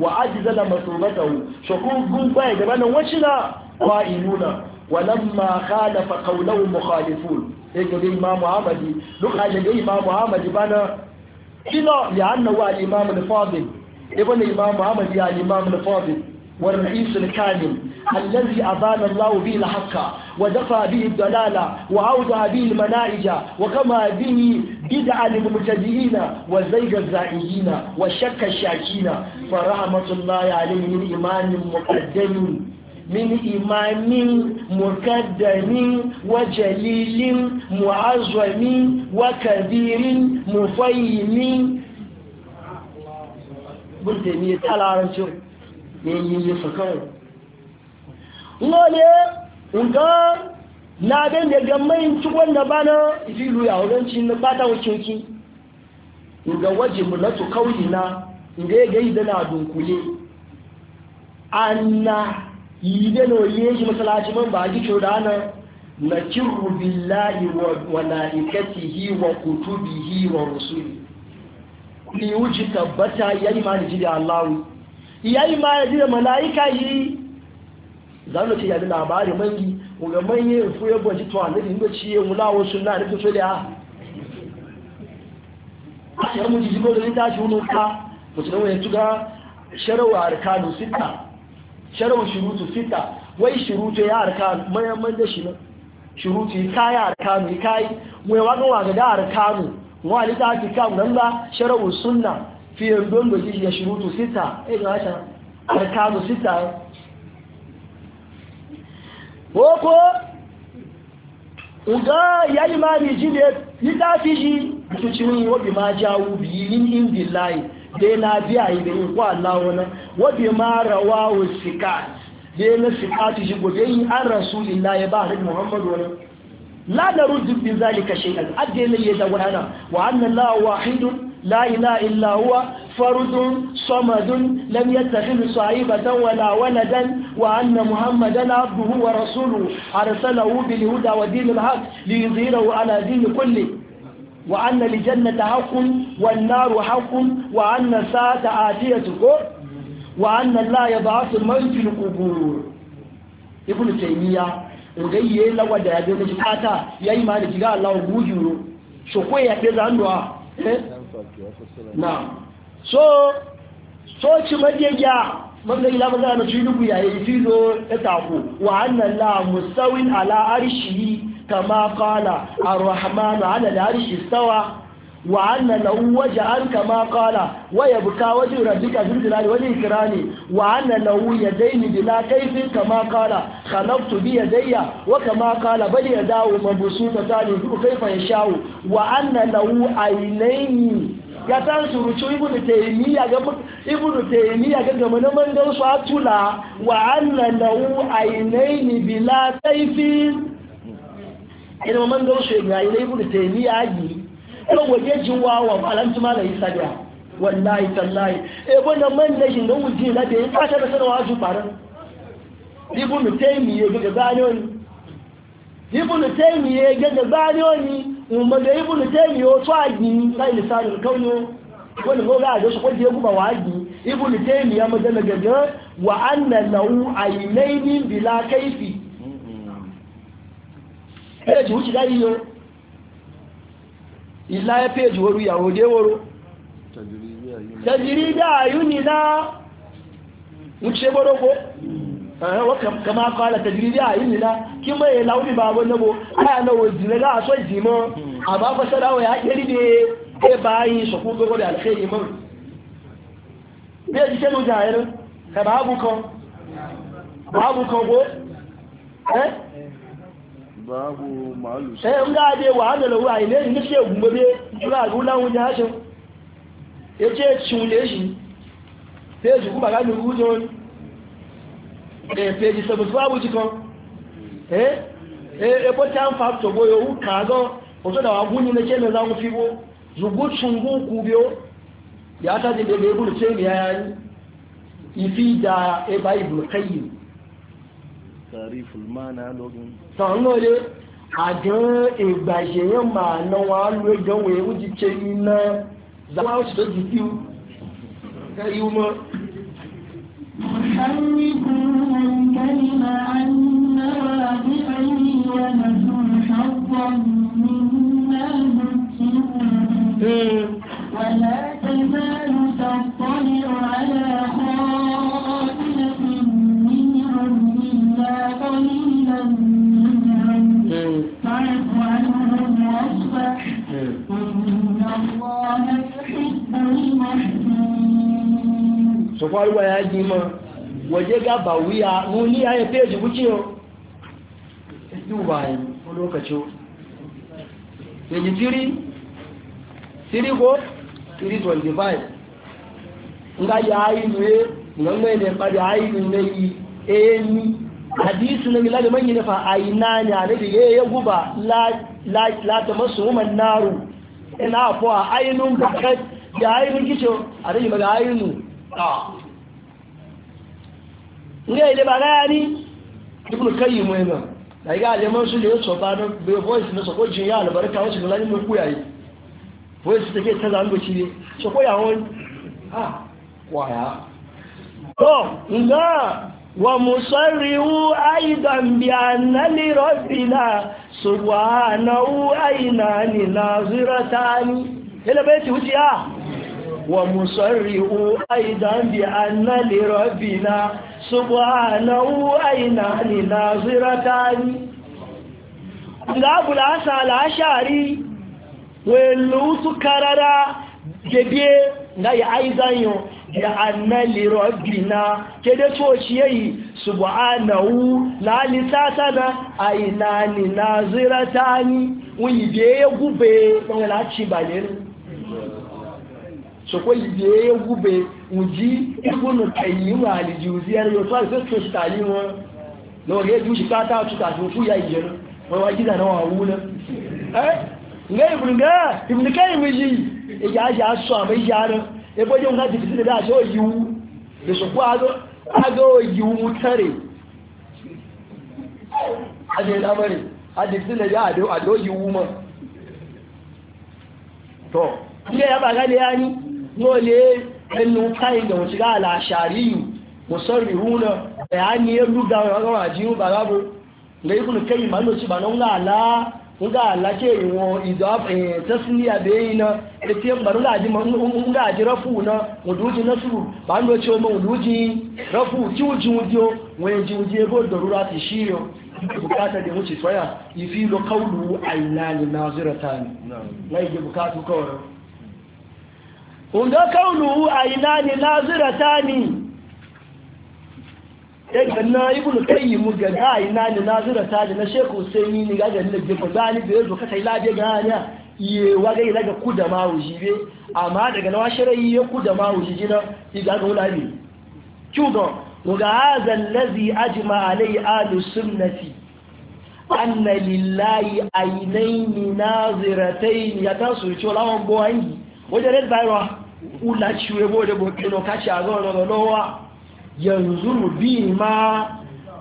وعجزل مصوبته شكو قنبا يجبان وشنا قائلون ولما خالف قوله مخالفون يجب إمام أحمد لقى يجب إمام أحمد بانا إلا لأنه الإمام الفاضل ابن إمام أحمد يا الإمام الفاضل والرئيس الكاذب الذي أبان الله به الحق ودفع به الضلال وأودع به المنائج وكما به بدع المبتدئين وزيج الزائدين وشك الشاكين فرحمة الله عليه من إيمان مقدم من إمام مقدم وجليل معظم وكبير مفيم قلت مية على رسول ne yi yi nga na den da gamai ci wanda bana ilu ya wurin ci na bata wucin ki nga wajibu na tu kaulina nga ya gaida na dunkule anna yi no yi masalaci man ba ji ana. na kiru billahi wa malaikatihi wa kutubihi wa rusuli ni wuce tabbata yayi ma da allahu iyayi ma ya ji da mala'ika yi za mu ce yadda ji labari mangi ga manye fu ya gwaji to a nufin da ciye mula wasu na nufin so da ya a yar mu jigo da ta shi wani ka musulun wani tuga sharawa arkanu sita sharawa shirutu sita wai shirutu ya arkanu mayan da shi na shirutu ka ya arkanu ka yi wai wani waga da arkanu wani ta fi kam nan ba sharawa sunna fiye dondo shi ya shurutu sita eh, ga wata arkanu sita Boko. uga ya yi ma ni jile yi tafi shi tucin wabi ma jawo biyi min indi layi dai na biya yi da yin kwa lawana wabi ma rawa wa sika dai na sika ta shi gobe yi an rasu illa ya ba hannun muhammadu wani Ladarun da rujin bin zalika shay'an adde ne ya da wadana wa annan la wahidun la ilaha illa huwa fardun samadun lam yattakhidh sahibatan wala waladan wa muhammadan abduhu rasuluhu arsalahu bil wa dinil haqq liyudhhirahu ala din kulli wa anna li jannati haqqun wan naru haqqun wa anna sa'ata atiyatu wa anna la yab'athu man fil qubur ibnu taymiya ngaiye lawa da yayi ma da na so so ci magiya magayi la magana ci dubu yayi filo ta taku wa la musawin ala arshi kama qala ar-rahman ala arshi istawa wa annan na waje an kama kala waya buka wajen rajika jin dinari wajen kira ne wa annan na wu ya dai ni kaifin kama kala kanaftu biya daya wa kama kala bari ya dawo mabusu ta tali zuku kaifan ya shawo wa annan na wu a ilaini ya ta surucu ibnu taimiyya ga gaba na mandan su atula wa annan na wu a ilaini bila kaifin ina mandan su ya ga ilaini ibnu taimiyya ga kan waje jiwa wa alanci ma lai sadiya wallahi tallahi e eh, bona man da shi ga wuji na da ya kasa da sanwa ju mu ibn taymiye ga zaniyon ibn taymiye ga mu umma da ibn taymiye o tsagi sai lisanul kaunu wani ko ga da su kwaje guba waji ibn taymiya madalla gaga wa anna lahu aynaini bila kayfi mm-hmm. eh ji wuci dai yo ìláyé péjì orú ìyàwó dé wóró tẹ̀jìrí bí àyú ní náà ń ṣe gbọ́dọ́gbọ́ kama kọ́lá tẹ̀jìrí bí àyú ní náà kí mọ́ èlà orí bàbá náwó ayànáwó jìnlẹ̀ láàṣọ ìjìmọ́ àbáfẹ́sẹ́dáwọ̀ babu ma'alu sai an gade wa da lawa ile inda ce gumbe kula ga lan wuce hashin yace cinle shi sai ji kuma ga ni gujon eh page 7 babu cikon eh eh ebo eh, tan factor boyo u kago da waguni na ne za mu fibo zugu chungu kubyo ya ta de de bu ce ya ifi da e bible kayyim تعريف المعنى لوجن تانولي اجان ايغباشي يان ما نوا لو جون وي وجي تشينا زاو شتو دي تي كريوما ولا تزال تطلع على خاص قليلا فاعف عنهم واصفح إن الله يحب المحسنين so far waya ji ma waje ga ba wuya mu ni aye page wuce yo duba yi lokaci ne ji tiri tiri ko tiri 25 nga ya ayi ne nan ne ba da ayi ne yi eh ni hadisi na milada man a fa'ayina ne a nabi ya guba lata masu woman naru ina fo a ainihin da ainihin kicin a rage maga ainihin a ah. ne ile ba gaya ni kayi mu da su da ya tsofa bai voice na ya albarka wasu mai voice take ta ne wani ha ah, kwaya to nga ومصروا أيضا بأن لربنا سبحانه عينان ناظرتان إلى بيت وجيا ومصروا أيضا بأن لربنا سبحانه عينان ناظرتان Abu Lasa al'ashari welu su karara gebe ga ya aizan yau bi'annaliro bina ke da toci yayi subhanahu la litatana ainani naziratani wibe ya gube wani lati bayani so ko ibe ya gube uji ibunu kayyim alijuziyar yo to se to tali won lo re ju shikata to ta ju ya ijeru won wa gida na wa wuna eh ngai ibn ga ibn kayyim ji ya ja so abai jaran ebo yau na jikisi da da shi oyiwu da shi ku aga oyiwu tare a je lamari a jikisi da ya ado oyiwu ma to iya ya baga da yani nole ẹnu kayan da wọn shiga alashari yi musarri huna bayani ya ruga wa gawa jiyu ba gabo ga ikunu kai malo ci ba nga lake iwo idaf eh, tasniya be ina ite baru la ji mun ga ji rafu na wuduji nasru ba ndo ce mun wuduji rafu ki wuji wujo wen ji wuje bo darura ti shiyo bukata da wuce soya ifi lo qawlu aynani naziratan lai ji bukatu kawai unda qawlu aynani naziratani daga na ibnu qayyim ga gai na ni nazira ta da na sheku sai ni ga da ni gefa zani da yazo ka sai labe ga ya ye wa ga ila ga ku da ma wujibe amma daga na washirai ya ku da ma wujiji na ga ga wulabi kyudo ga hadha allazi ajma alai ahlus sunnati anna lillahi ainaini naziratayn ya tasu ci lawon bo hangi wajen red bayro ula ciwe bo da bo kino kaci a zo da lowa yanzuru bi ma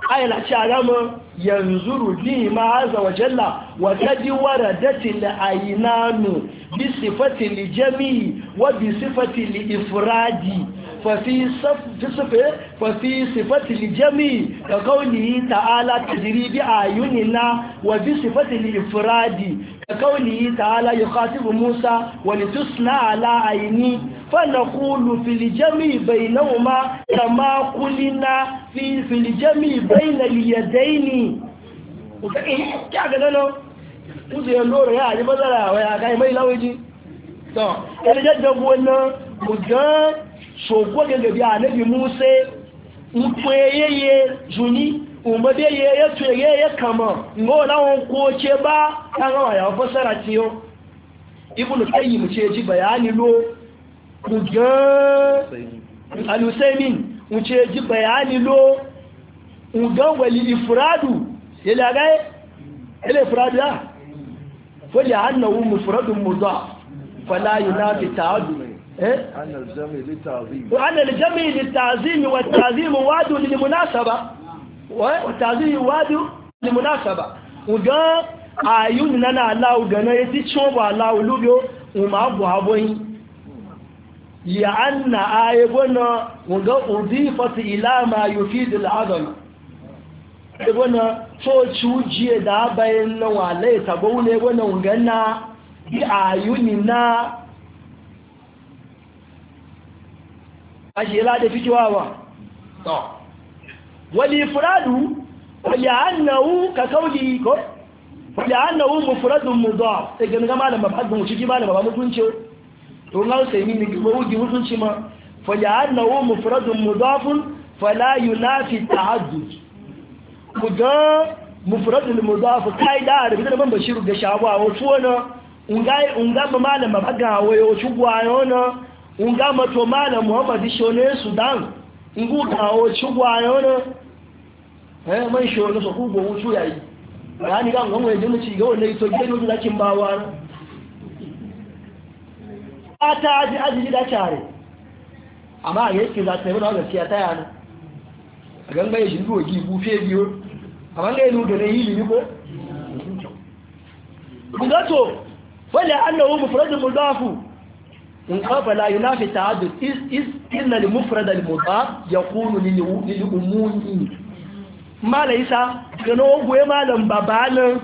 ayla charama yanzuru bi ma azza wa jalla wa kadi waradatil aynanu bi sifati lijami wa bi sifati liifradi ففي صف في صفه ففي صفة الجميع كقوله تعالى تجري بأعيننا وفي صفة الإفراد كقوله تعالى يخاطب موسى ولتصنع على عيني فنقول في الجميع بينهما كما قلنا في في الجميع بين اليدين Oúnjẹ lóòrò yá àjíbọ́sára àwọn àga ìmọ̀ ìláwéjì. Tọ́, ẹni jẹ́ jọgbọ́ ẹ̀nà kò jẹ́ umade ye ya tuye ya kama ngo ko koce ba kan rawa ya fasara tiyo ibn qayyim ce ji bayani lo ku ga al-usaymin mu ce ji bayani lo mu ga wali ifradu ila ga ila ifradu ya fali annahu mufradun mudaf fala yunafi ta'addu eh an al-jami' li ta'zim wa an al-jami' li ta'zim wa ta'zim wadu lil munasaba watazi iwadu limunasaba ugan ayun nana ala ugana eti chon wa ala ulugo uma bu aboyin ya anna ayebona uga udifat ila ma yufid al'adam ebona to na wale tabo ne ebona ugana bi na ajira da fitiwa wa walifuradu wajaannahu ka kauli ko wajaannahu mufradun mudaf sai ganin ga malama fadin mu cikin malama ba mutunci to na sai min ne ba wuji mutunci ma fajaannahu mufradun mudaf fala yunafi ta'addud kuda mufradun mudaf kai da da bidan ban bashiru ga shabu a wasu wani ungai ungama malama fadin hawaye wasu gwayo na ungama to malama muhammadu shone sudan ngu kawo cigwa yana eh man shi wani su kugo wucu yayi bayani ga ngon wani jimici ga wani ito gidan wani lakin bawa Ata a ta aji aji da tare amma a yake za ta yi wani gaskiya ta yana a ganga ya jindu wagi bufe biyu amma ga yi da na yi limi ko ku zato wani annahu mufradin mudafu in kafa la yunafi ta'addud is is illa al mufrad al mudaf yaqulu lil umumi mala isa gano goye malam babana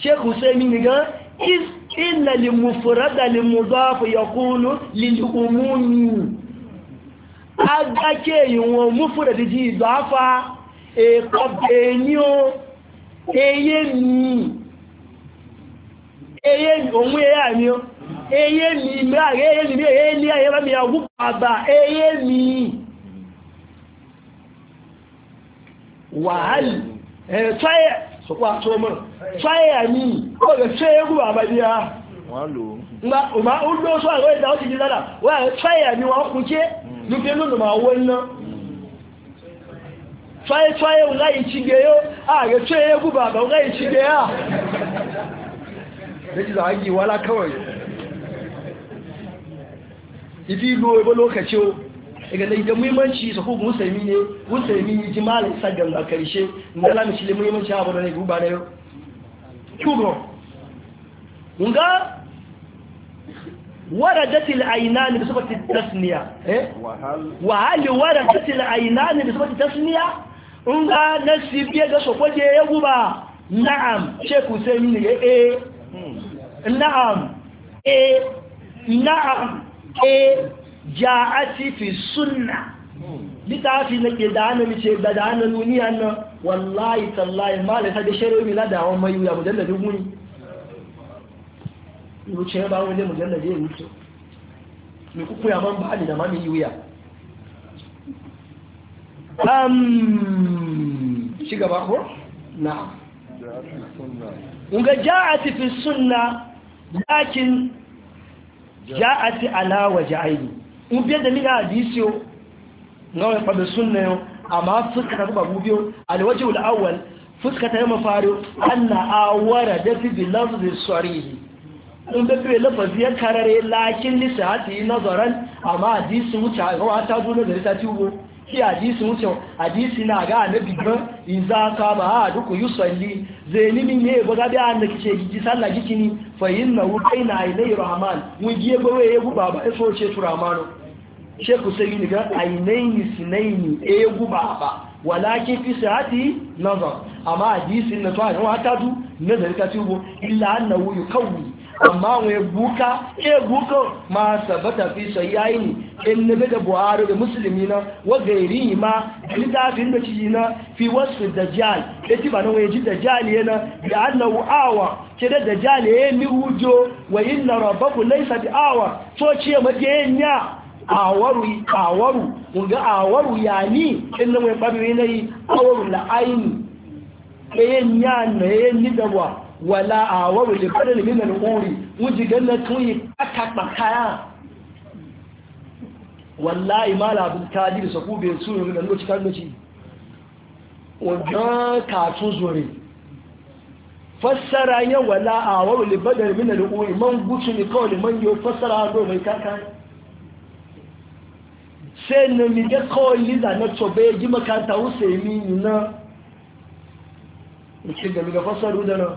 sheikh husaini ni ga is illa al mufrad al mudaf yaqulu lil umumi agake yiwon mufrad ji idafa e kobenio eye mi eye ohun eye mi o e eye mi mra eye mi eye ni eye mi awu baba eye mi wahal eh tsaye so kwa so mo tsaye mi o le tsaye ku baba dia wa lo na o ma o do so awe da o ti dilala wa tsaye mi wa ku je hmm. lu pe lu ma wo na tsaye tsaye o lai chige yo a ge tsaye ku baba o lai chige a Daji za a yi wala kawai ifi gobe lokaci o daga daidai muhimmanci su ko musulmi ne musulmi ji malin sagan a karshe na lamishi da muhimmanci a da ne guba na yau kugo nga wara datil aina ne da suka ti tasniya eh wahali wara datil aina ne da tasniya nga na si biye da so koje ya guba na'am sheku sai ne eh, eh. Hmm. na'am eh na'am e ja'ati fi sunna fi na ke da hannun ce da da hannun duniya nan wallahi tallahi malata da shari'a mila da hawan mayu ya mujalladin muni wuce ba wani mujalladin ya wuce mai kuku ya man ba ni da mami yuya am shi gaba ko na'am unga ja'ati fi sunna lakin a ja'ati ala waj'aini ube dalila hadisi ngawe fada sunna yo amma fuska ta babu biyo waje alawwal fuska ta yamma an na awara da fi bi lafzi sarihi in da bai lafazi ya karare lakin lisati nazaran amma hadisi wuce gawa ta zo nazari ta tubo ki hadisi mutum hadisi na ga annabi in za ka ba ha duku yusalli zeni min ne ba ga da annabi ce ji sallah giki ni fa inna hu kaina ilay rahman mun giye ba ya guba ba so ce tu rahmanu sheku sai ni ga ainaini sinaini e guba ba walakin fi sihati nazar amma hadisi na to an wa ta du nazar ka tubo illa annahu yukawwi amma wai buka ke buka ma sabata fi sayyayi ne in nabi da buhari da musulmi na wa gairi ma littafin da ciki na fi wasu dajjal da ci ba na wai ji dajjal ya na da annahu awa ke da dajjal ya ni hujo wa inna rabbaku laysa bi awa to ce maje nya awaru awaru mun ga awaru yani in nan wai babu ne awaru la aini ɗayan ya na yayin ni da wa wala a wawo da fadar minar ori wuji ganin tun yi kakakpa kaya wallahi ma labin tajiri saku bai su yi minar loci karnoci wajen katun zore fassara yin wala a wawo da fadar minar ori man gucin ne kawai man yi fassara hannu mai kaka sai na mige kawai liza na tobe ji makanta wuce mi yi na Mutum da muka fassaro da nan,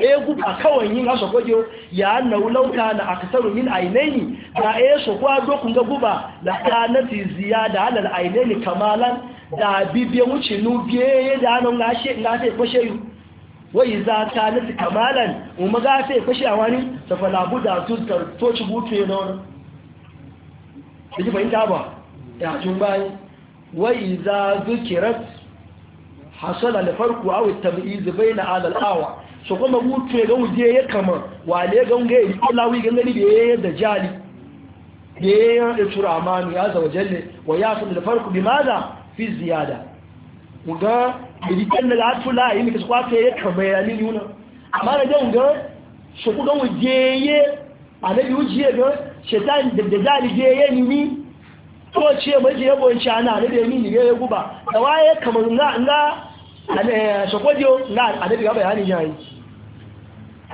ɗaya eh, guba kawai yin hasa kwajo ya nau lauta na aksaru min ainihi da a eh, su kwa dokun ga guba da kanati ziya da halal ainihi kamalan da bibiya wuce nubiye da hannun ngafe kwashe yi wai za kanati kamalan umar gafe kwashe a wani tafalabu da tutar toci butu ya nuna da ji fahimta ba ya tun bayan wai za zukirar hasala da farko awu tamyiz baina na awa so kuma mutu ga wuje ya kama wale ga unge lawi ga da ya da jali be ya tura amani ya zawa jalle wa ya su da farko maza fi ziyada uga bidikan da atula yi mika kwa ta ya kama ya ni yuna amma da ga unga so ku ga wuje ye anabi wuje ga shetan da jali je ya ni to ce maji yabo insha ana ne da ni ne ya guba da waye kamar na shakwajo na annabi ya bayani jayi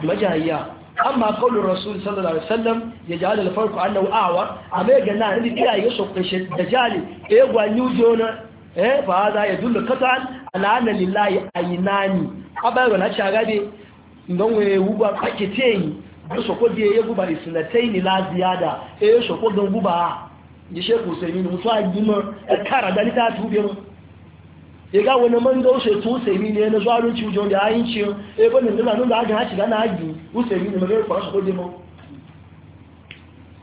majahiyya amma qaulur rasul sallallahu alaihi wasallam ya ja'al al farko annahu awa amma ga na annabi ya yi shakwashe da jali e gwa new jona eh fa ya yadullu qatan ala anna lillahi aynani abayo na chagabe ndonwe wuba paketeyi sokodi ya guba isinataini la ziyada eye sokogan guba yishe ko seminu so ajimo e karada ni ta tubiyo ga wani man da wuce tu usemi ne na zuwa rinci ujon da ayin ciyo e ba nan dala nan da aka haci gana agi usemi ne magana kwara ko demo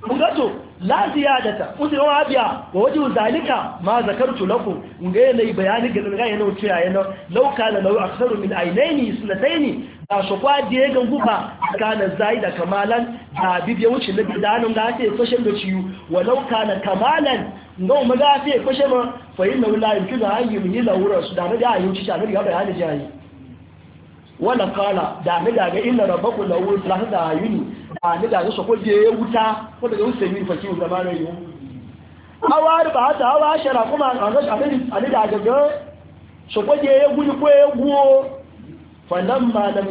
mugato la ziyadata usemi wa abiya wa wajhu zalika ma zakartu lakum ga yana bayani ga ga yana wuce yana lauka kana law aktharu min aynaini sunataini da so kwa die ga guba da zaida kamalan da bibiya wuce na gidanun da ake fashin da ciyu wa lauka na kamalan ngon ma da fi kushe ma fa inna wallahi kiza hayyu min ila wura su da na da ayu ci ta a bayani ji ayi wala qala da na da ga inna rabbakum la wura la da ayuni da na da su ko je wuta ko daga wuta min fa kiwo zamanin yu awar ba ta awa shara kuma an ga abin ali da ga su ko je guji ko guwo fa lam ma lam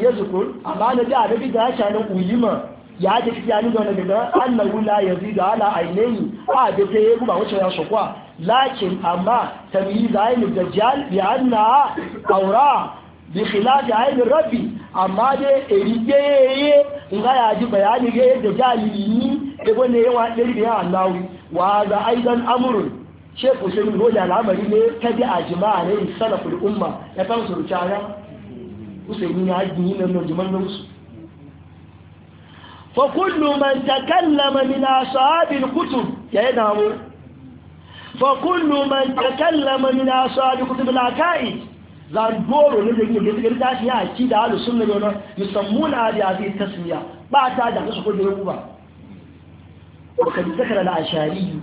amma na da da bi da shanin ma. ya da ya ni zaune daga annahu la yazidu ala ainihi a da ta yi guba wacce ya shakwa lakin amma tamyiz da dajjal bi anna aura bi khilafi aini rabbi amma dai eri geye nga ya ji bayani geye da jalili da gwane yawa ɗari da yawa wuri, wa za aidan amurin shekku shirin roja al'amari ne ta bi a jima'a ne salafin umma ya kan surucana usaini ya gini na nan su فكل من تكلم من أصحاب الكتب يدعو فكل من تكلم من أصحاب الكتب العكائد zandoro ne da yake da tsigar tashi ya aki da halu sunna ne wannan musammuna da abi tasmiya ba ta da su ko da ku ba wa kan zakara al ashari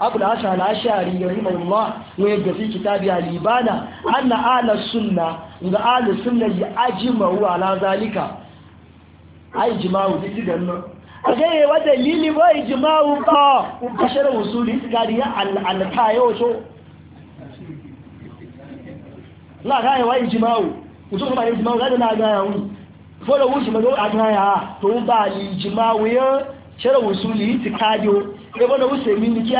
abu da ashari al ashari rahimahullah wa yadda fi kitabi anna ala sunna ga ala sunna ya ajma wa a ijima'u agaye wa dalili wa ijima'u ba bashara usuli gari ya alkayo kuma na gaya hun fọ́lọ̀ wùsù tó ń bá lè ijima'u yẹ́ ṣẹ́rẹ̀ usuli ti káyọ ẹgbọ́n na wùsù èmi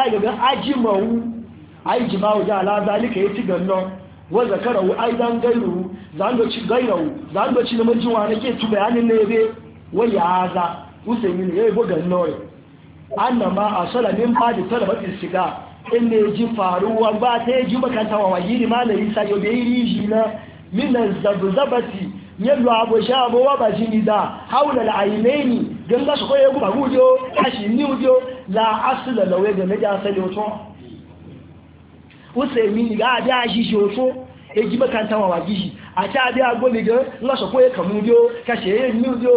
a ti gannan wọ́n zakarawu aidan gairu zandoci gairu zandoci na majiwa na ke tu bayanin na ebe wai haza usaimin ya yi bugan nori annama a min ba da talabatin shiga inda ya ji faruwa ba ta yi ji makanta wa wayi ne malayi sa yau da yi shi na minan zabzabati yadda abu sha abu wa ba shi ni da haula da ainihi don za su koya guba gujo kashi ni gujo la asu da lauye da na jasa da wato usaimin ga da shi shi wato ya ji makanta wa wayi shi àti ka agbóni gan lọ́sọ̀ pé kàmú yó kàṣẹ èyí ní yó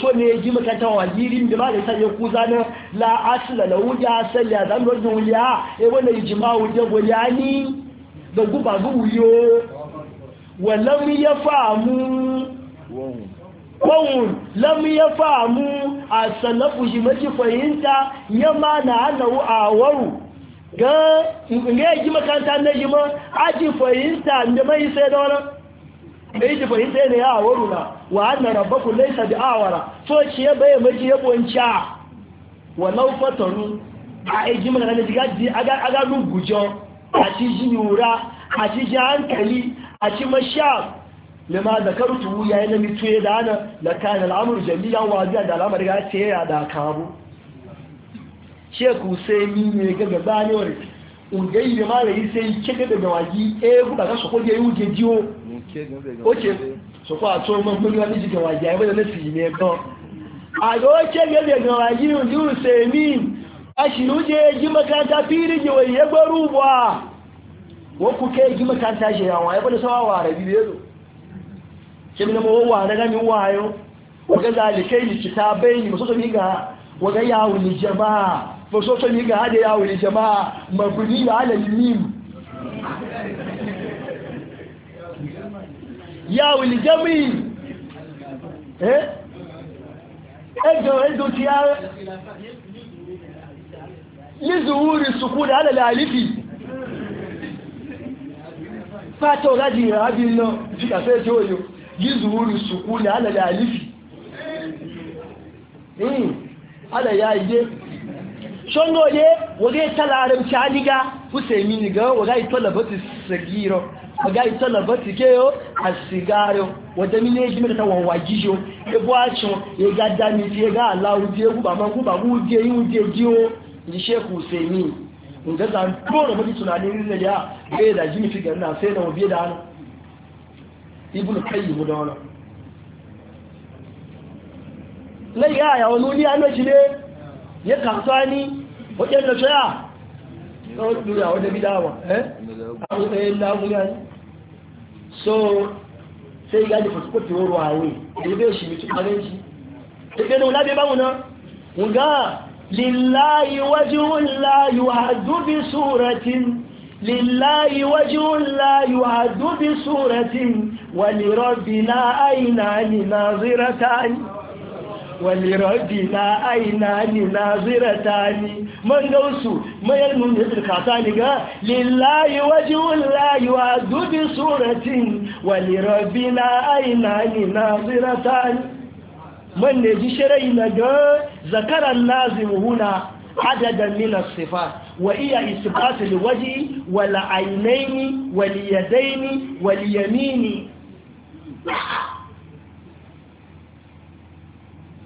káì ní èjì wà yìí ní bá la na ìjìmá òjẹ́ wòlẹ̀ á ní gbogbogbàgbò lọ́míyẹ́ fàámú kwanwun lam ya famu a sanafu shi mace fahimta a waru ga ya ji makaranta na ji ma aji fahimta da mai sai da wani da yi ji fahimta ne ya waru na wa an na rabba ku laisa da awara so ci ya bai maji ya bonca wa laufatoru a yi ji mana na ji gaji a ga gujo a ci ji yura a ci ji hankali a ci masha ma da karutu ya yi na mituye da ana da kayan al'amur jami'an waziya da al'amar ya ce ya da kabu sheku sai ni ne ga gaba ne wani ugayi da malayi sai kega da gawagi eh ku ba ka so koje yu je jiwo oke so ko a to mo mo ni ji gawagi ai bada nasi ne ko a go kega da gawagi yu ju sai ni a shi uje ji makanta firi ji wai ya gwaru ba wo ku ke ji makanta shi yawa ai bada sawa wa rabi da yazo kimi na mo wa na ga wayo ko ga zalikai ni kitabai ni musu ni ga waga yawon jama'a ba so son yi ga hada yawon jama'a mabuni da halal mim yawon jami'i eh ẹjọ́ ẹjọ́ ti yára ní zuwuri sukú da halal Fato fata ọ̀gájì ìrìnàbí lọ jíkàfẹ́ tí ó yọ ní zuwuri sukú da halal alifi hmm. ala ya yi shongo ne waga yi talarin caniga hussaini ni ga waga yi talabati sagiro waga yi talabati keyo a sigaro wadda mini ya jimita ta wawa gijo ya buwacin ya ga damiti ya ga alawuje guba man guba guje yi wuje giyo ni sheku hussaini in ga zan koro mafi tunanin rizal ya bai da jimita ga na sai na ibu da hannu ibn kayyimu da wani lai ya yawo nuni an wace ne ya kasuwa ni wajen da shaya tsawon duniya wadda gida ma eh abu tsaye lamunan so sai ya da fuskoki wuri wawe da bai shi mutu kare shi ta ɗan wula bai bamu nan wunga lillahi wajihun layu yuhaddu dubi suratin lillahi wajihun layu yuhaddu dubi suratin wa lirabbina aina ni naziratan na aina ni nazirata ni man gausu mayar nun da tsirkata ni ga lillahi waje wajihun layuwa dubi suratin na aina ni nazirata ni man ne ji shirai na ga zakarar nazim huna عددا من الصفات وهي إثبات الوجه والعينين واليدين واليمين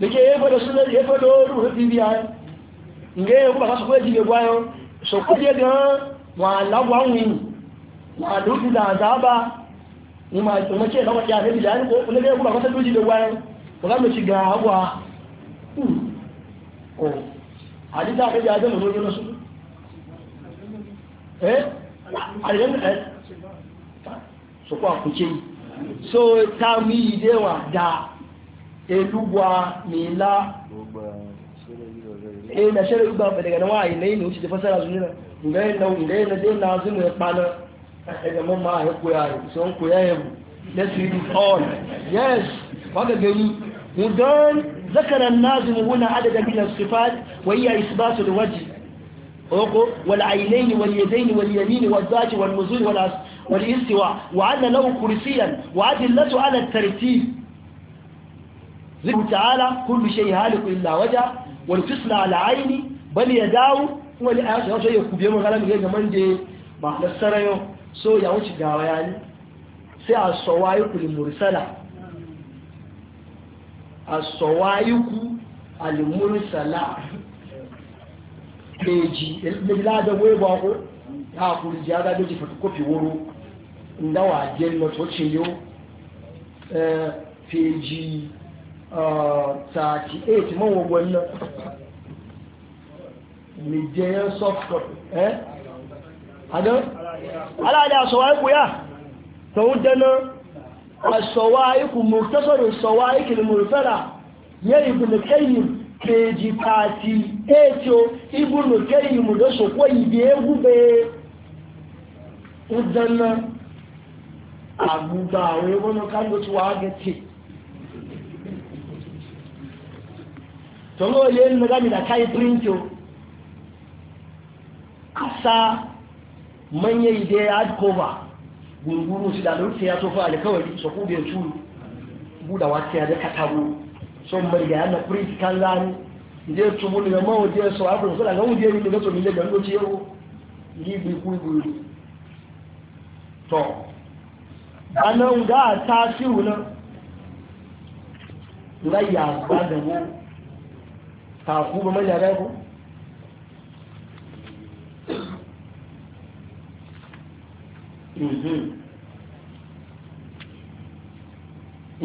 lẹ́jẹ́ ẹgbẹ́dọ̀ sílẹ̀ ẹgbẹ́dọ̀ orú bíbí ayẹ́ ndị ẹgbẹ́ bàtà sọ pé jí lè gbáyọ́ gan wà láwáwìn wà ló ti dáadáa ní ma ìtọ̀mọ́ tí ẹ̀lọ́wọ́ tí a elugwa mila eh na shirin ugba ba daga nawa ina yi ne wuce da fasara su nuna nga yi na nga yi na dai na su mai kpana eh, daga mun ma ya koya yi so n koya yi mu let's read it all yes waka gani mu don ذكر الناظم هنا عددا من الصفات وهي إثبات الوجه والعينين واليدين واليمين والذات والنزول والاستواء وعد له كرسيا وعدلته على الترتيب zai ta'ala kullu shay haliku illa waja wal fisla ala aini bal yadawu wal ayatu wato ya kube mun galan ga manje ba da sarayo so ya wuce ga bayani sai a sawaiku lil mursala as-sawaiku al-mursala beji ilmila da wai ba ko ta kuri ja ga beji fotokofi woro ndawa jel no to cheyo eh feji. 38 mọ́ wọ́n wọ́n náà lè jẹ yẹn soft copy ẹ́ adán aláàdá àṣọwà ikú yá tọ́wọ́ dẹ́nà àṣọwà ikú mú tẹ́sọ̀rọ̀ ṣọwà ikìlì mú fẹ́ra yẹ ìbùnú kẹ́yìn kèjì 38 o ìbùnú kẹ́yìn mú lọ́sọ̀kọ́ ìdí egúgbé ó dẹ́nà àgbùgbà àwọn ẹgbọ́n kan ló ti wà á gẹ̀ tèè tonga ole nimegamira kai printyo asa manye ide adkova gunguru shi da rufe ya tofa alkawari so ku da su buda wata ya da katabu so mai ga yana print kan lani ide tumu ne ma waje so abu so daga wuje ni daga to mi daga ndo ciyo ni bi ku bu to anan ga tasiru nan ngai ya ba da mu àkú bọ́ mẹ́lẹ̀ abẹ́kú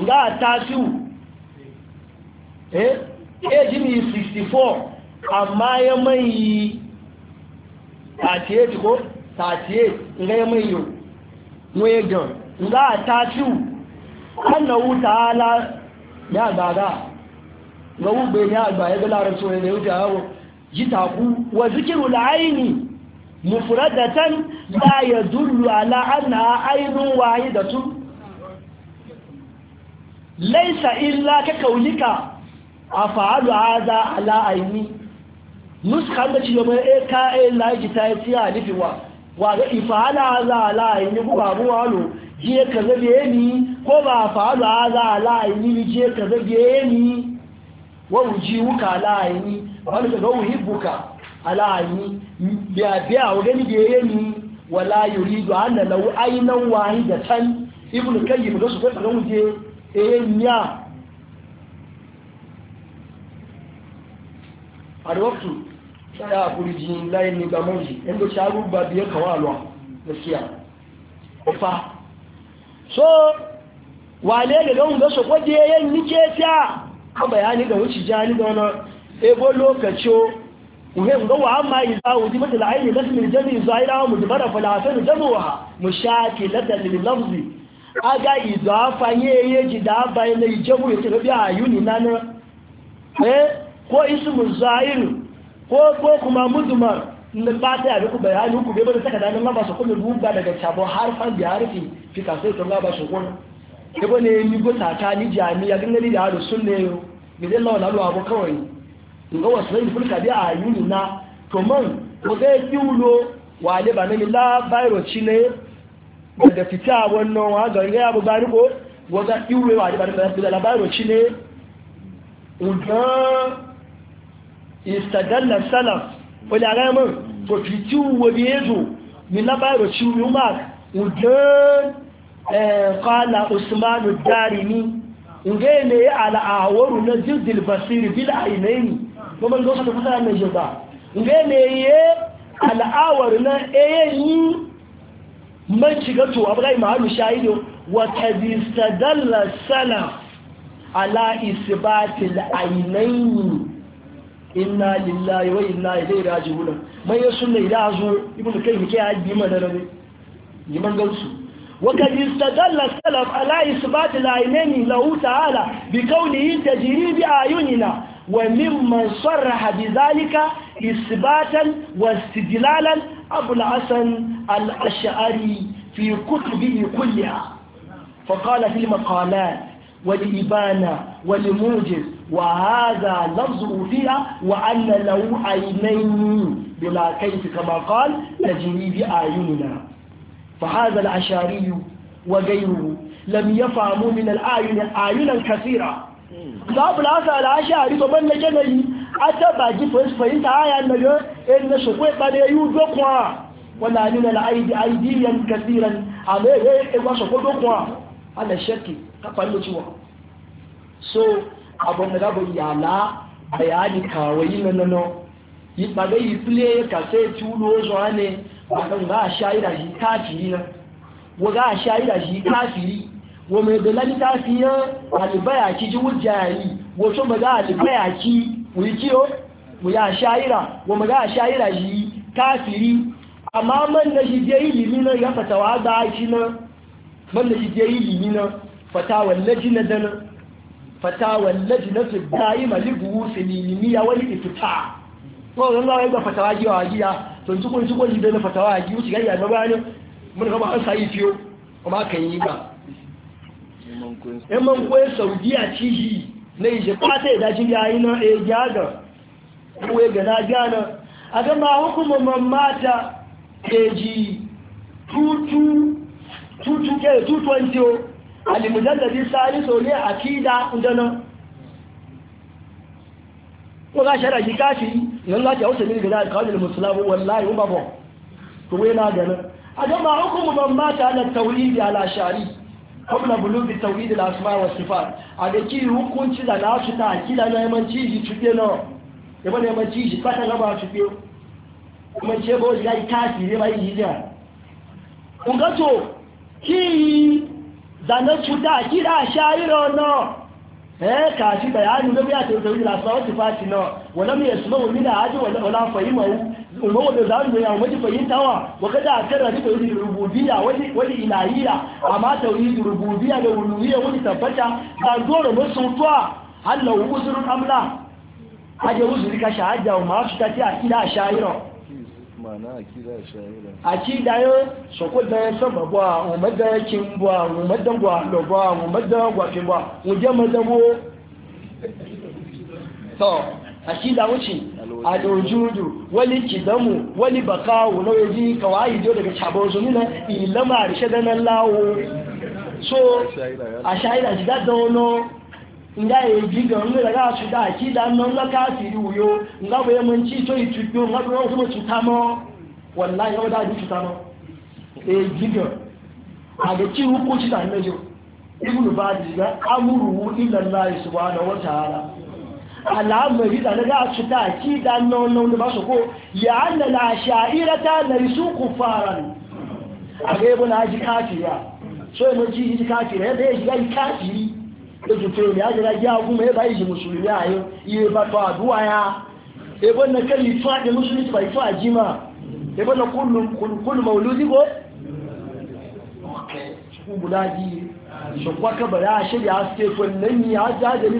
ta àtàtíù mhm. eh èjì ni 64 àmá yẹ mẹ́yí 38 kó 38 ǹgá yẹ mẹ́yí o wọ́n yẹ gan ǹgá àtàtíù annahu ta'ala ya gaga ga ube ne alba ya ga larabci wani da wuce hawo ji taku wa zikiru la'aini mufradatan la yadullu ala anna ainun wahidatu laysa illa ka kaulika afalu hadha ala aini nuskan da ci mai e eh, ka e la ji ta yi a nifiwa wa ga ifala hadha ala aini ku babu walo je ka zabe ni ko ba afalu hadha ala aini je ka zabe ni wa ujiwuka ala ayni wani ga uhibbuka ala ayni biya biya wani da yayi wala yuridu anna law aynan wahidatan ibnu kayyim da su fara ya so wale da don ga su kwaje yan nike a bayani da wuce jani da wani ebo lokaci muhim ga wa amma yi za wuji mata la'ayi lasmin jami zaira mu dubara falasar jamuwa mu shafi latar lafzi aga izafa yeye jida bayan da ijabu ya tafi a yuni nana eh ko isu ismu zair ko ko kuma mudumar na ba ta yabi ku bayani ku bai bada saka da nan ba su kuma ruba daga tabo har fan bi harfi fi kasai to ga ba su gona ebe na yi guta ta ni jami'a gangari da haru sun ne yau ga zai lawan haru abu kawai ga wasu zai fulka dai a yuni na to man ko zai fi wulo wa ne ba na mila bayro ci ne da fita wannan wa ga ya bu bari ko wa za fi wulo wa ne ba na mila bayro ci ne udan istadalla salaf wani a ramin ko fiti wuwa da ya zo mila bayro ci wuyo ma udan ƙala eh, usmanu darimi nge ne al'awaru na jirgin basiri bil ainihi fasara mai nge ne ye al'awaru na wata distadalla sana ala isbatil ainihi inna lillahi wa inna ilaihi mai ibnu gansu وقد استدل السلف على إثبات العينين له تعالى بكونه تجري بأعيننا وممن صرح بذلك إثباتا واستدلالا أبو الحسن الأشعري في كتبه كلها فقال في المقالات والإبانة والموجز وهذا لفظه فيها وأن له عينين بلا كيف كما قال تجري بأعيننا فهذا العشاري وغيره لم يفهموا من الآيون آيونا كثيرة babu lasa al'ashari to ban da kenayi a taba ji fahimta haya na yau in na shekwe tsare yi dokwa wanda ni na la'aidi aidiyan kasiran a da so abin da gaba yala bayani kawai na nano yi ɓagai yi fule ka sai tulo zuwa ne akan za a shayi kafiri na wa za a shayi shi kafiri wa mai da lalitafi ya alibaya ki ji wujja yayi wato ba za a alibaya ki wuyi kiyo mu ya shayira wa mu ga shayira shi kafiri amma man da shi je ilimi na ya fatawa da shi na man da shi je ilimi na fatawa na dana fatawa na su daima li buhusi lilimi ya wani ifita ko ga ga fatawa ji wa giya tun tukun tukun yi dole fatawa a giyu shigar yana bayanin mun gaba an sayi fiyo kuma kan yi ba yan man koyi saudiya cihi na yi shafa ta yi dajin yayi na a gyaga ko ya gada gyana a gama hukumar mamata keji tutu tutu ke tutu wantiyo alimujalladi salisu ne akida udana ko za shara shi kashi nan za ki hausa ne ga za ka kawo da musulamu wallahi ba ba to wai na gani a gama hukumu ban mata ala tauhidi ala shari qabla bulughi tauhid al asma wa sifat a da ki hukunci da na su ta akida na yaman ciji tuke na yaman yaman ciji fata gaba tuke kuma ce bo ga tashi ne bai yi yi da kun ga to ki da na su ta akida shayiro na kàṣí bẹ̀yàní lórí àti òtòrí lásán ti fàájì náà wọ́n lọ́mí ẹ̀sùn mọ́wọ́ nílẹ̀ àájú wọ́lá fọ̀yímọ̀ òmọ́wọ́ lè záàrùn lórí àwọn méjì fọ̀yí táwà wọ́kẹ́dà àtẹ́rẹ̀ sí pẹ̀lú rububiyya wọ́lì ìlàyíyà àmá tẹ̀wí rububiyya lè wùlúwíyà wani tabbata gbàgbọ́rọ̀ mọ́ sun tó à hálà òwúzúrún amla ajẹ́ wúzùrí ka ṣàájà ò máa fi ta sí akida yẹn sọkọdà yẹn sọba bọ a wọn mẹdà yẹn kí n bọ a wọn mẹdà gbọ àlọ bọ a wọn mẹdà gbọ àfi bọ a wọn jẹ mẹdà wo tọ akida wuce a dojudu wani kidamu wani bakawo na yaji kawai jo daga cabo su nuna ilama rishe da nan lawo so a sha'ida shi da wani nga ya e eji ga nwe daga da nnọ nlọka asiri uyo nga wee mụ nchi ito ituto nga wee mụ chuta mọ wallahi nga wada chuta mọ eji ga agachi ukwu chita mmejo ibnu badi ga amuru ila allah subhanahu wa ta'ala da daga asụda aki da ndị basoko ya e na na ya e mụ ji ji kafira ya da ya lóṣùtò ìrìn àjọra jẹ́ agúnmọ̀ ẹbá ìjì mùsùlùmí ààyò iye bàbá àdúwà ya ba na kẹ́lì fún àjẹ́ mùsùlùmí ti bàí fún àjímà na kúlùmọ̀ olódígbò ọkẹ̀ ṣùgbọ́n a àṣírí àṣírí fún lẹ́yìn àjájẹ̀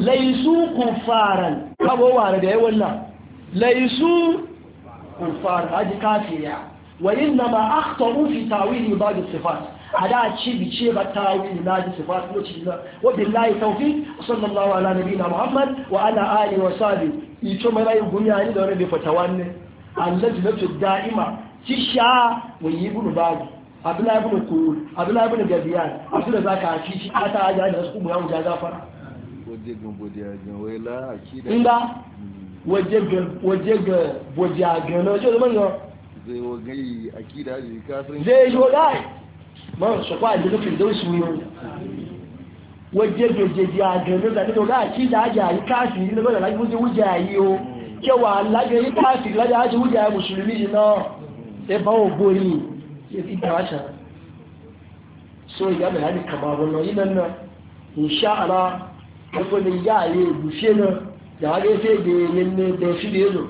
laisu kufaran abubuwa da ya wannan laisu kufar haji kafiriya wa inna ma akhtaru fi tawili ba'd sifat ada ci bice ba tawili na ji sifat ko ci wa billahi tawfiq sallallahu ala nabiyina muhammad wa ala alihi wa sahbihi ito mai gumiya ni da wani bai fata wannan allazi latu da'ima ci sha wa yi gudu babu abdullahi ibn qul abdullahi ibn gabiyan abdullahi zaka ci ci ata ajaji da su mu ya mu jazafara ńlá waje ga waje agana waje zai ne zai yi shakwa a jirgin firdau su waje ga da nuna a yi na gwada lagi yi o kewa yi musulmi na ebe ogbo ni ya fi tasha so ya bayani wannan yi nan na insha'ala ẹ̀kọ́ ni ìyá àyè ìgbùsí náà yàrá gẹ́gẹ́ sí èdè da ẹ̀dẹ̀ sílé èlò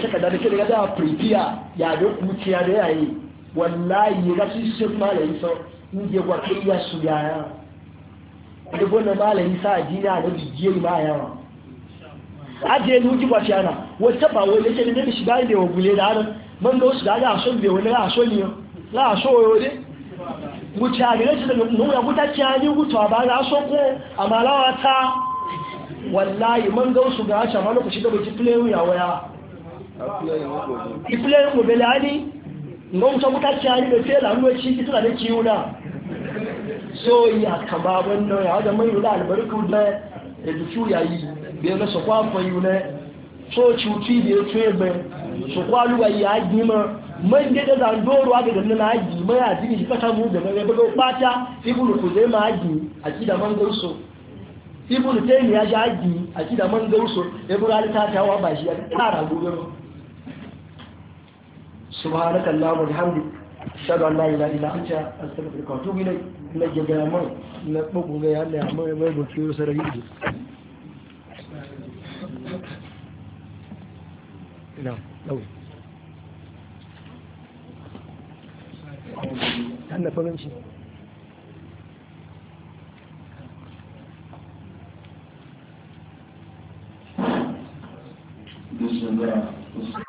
ṣẹ́kàdá ní kéde gádà pìrìpíà yàrá kú ti adé àyè wọ́n láàyè láti ṣe máa lẹ́yìn sọ ní ìjẹ́ wà kí ìyá sùn yàrá ẹ̀kọ́ náà máa lẹ́yìn sáà jí náà lóbi jí èyí máa yàrá ajiye ni wuji kwashi ana wata ba wai yake ne da shiga da wagule da ana man da wasu da ana son bai wani ra'aso ne ra'aso yau de. wuce a gare shi daga nuwa gutaci ya yi gutawa ba na so ko a malawa ta wallahi man gausu ga haka ma lokaci da bai ci ya waya filayen mu bela ne nga wuce gutaci ya yi da fela ruwa ci ki tana da na so ya kama wannan ya wajen mai yula albarku na da duku ya yi bai na sakwa fayu na so cuti da ya tuye bai sakwa luwa ya gima man da da zandoro ga ganna na haji mai haji ne ka mu da mai bado bata ibnu kuzaima haji a kida man gauso ibnu taymi ya haji a kida man gauso ibnu ali ta tawa ba shi ya tsara gobe subhanakallahu wa bihamdika shaɗu an illa anta astaghfiruka a tsakar kwatu la na gagamar na bugu ga ya ya mai mai gofi yau sarari ido ina ɗauki hannu farin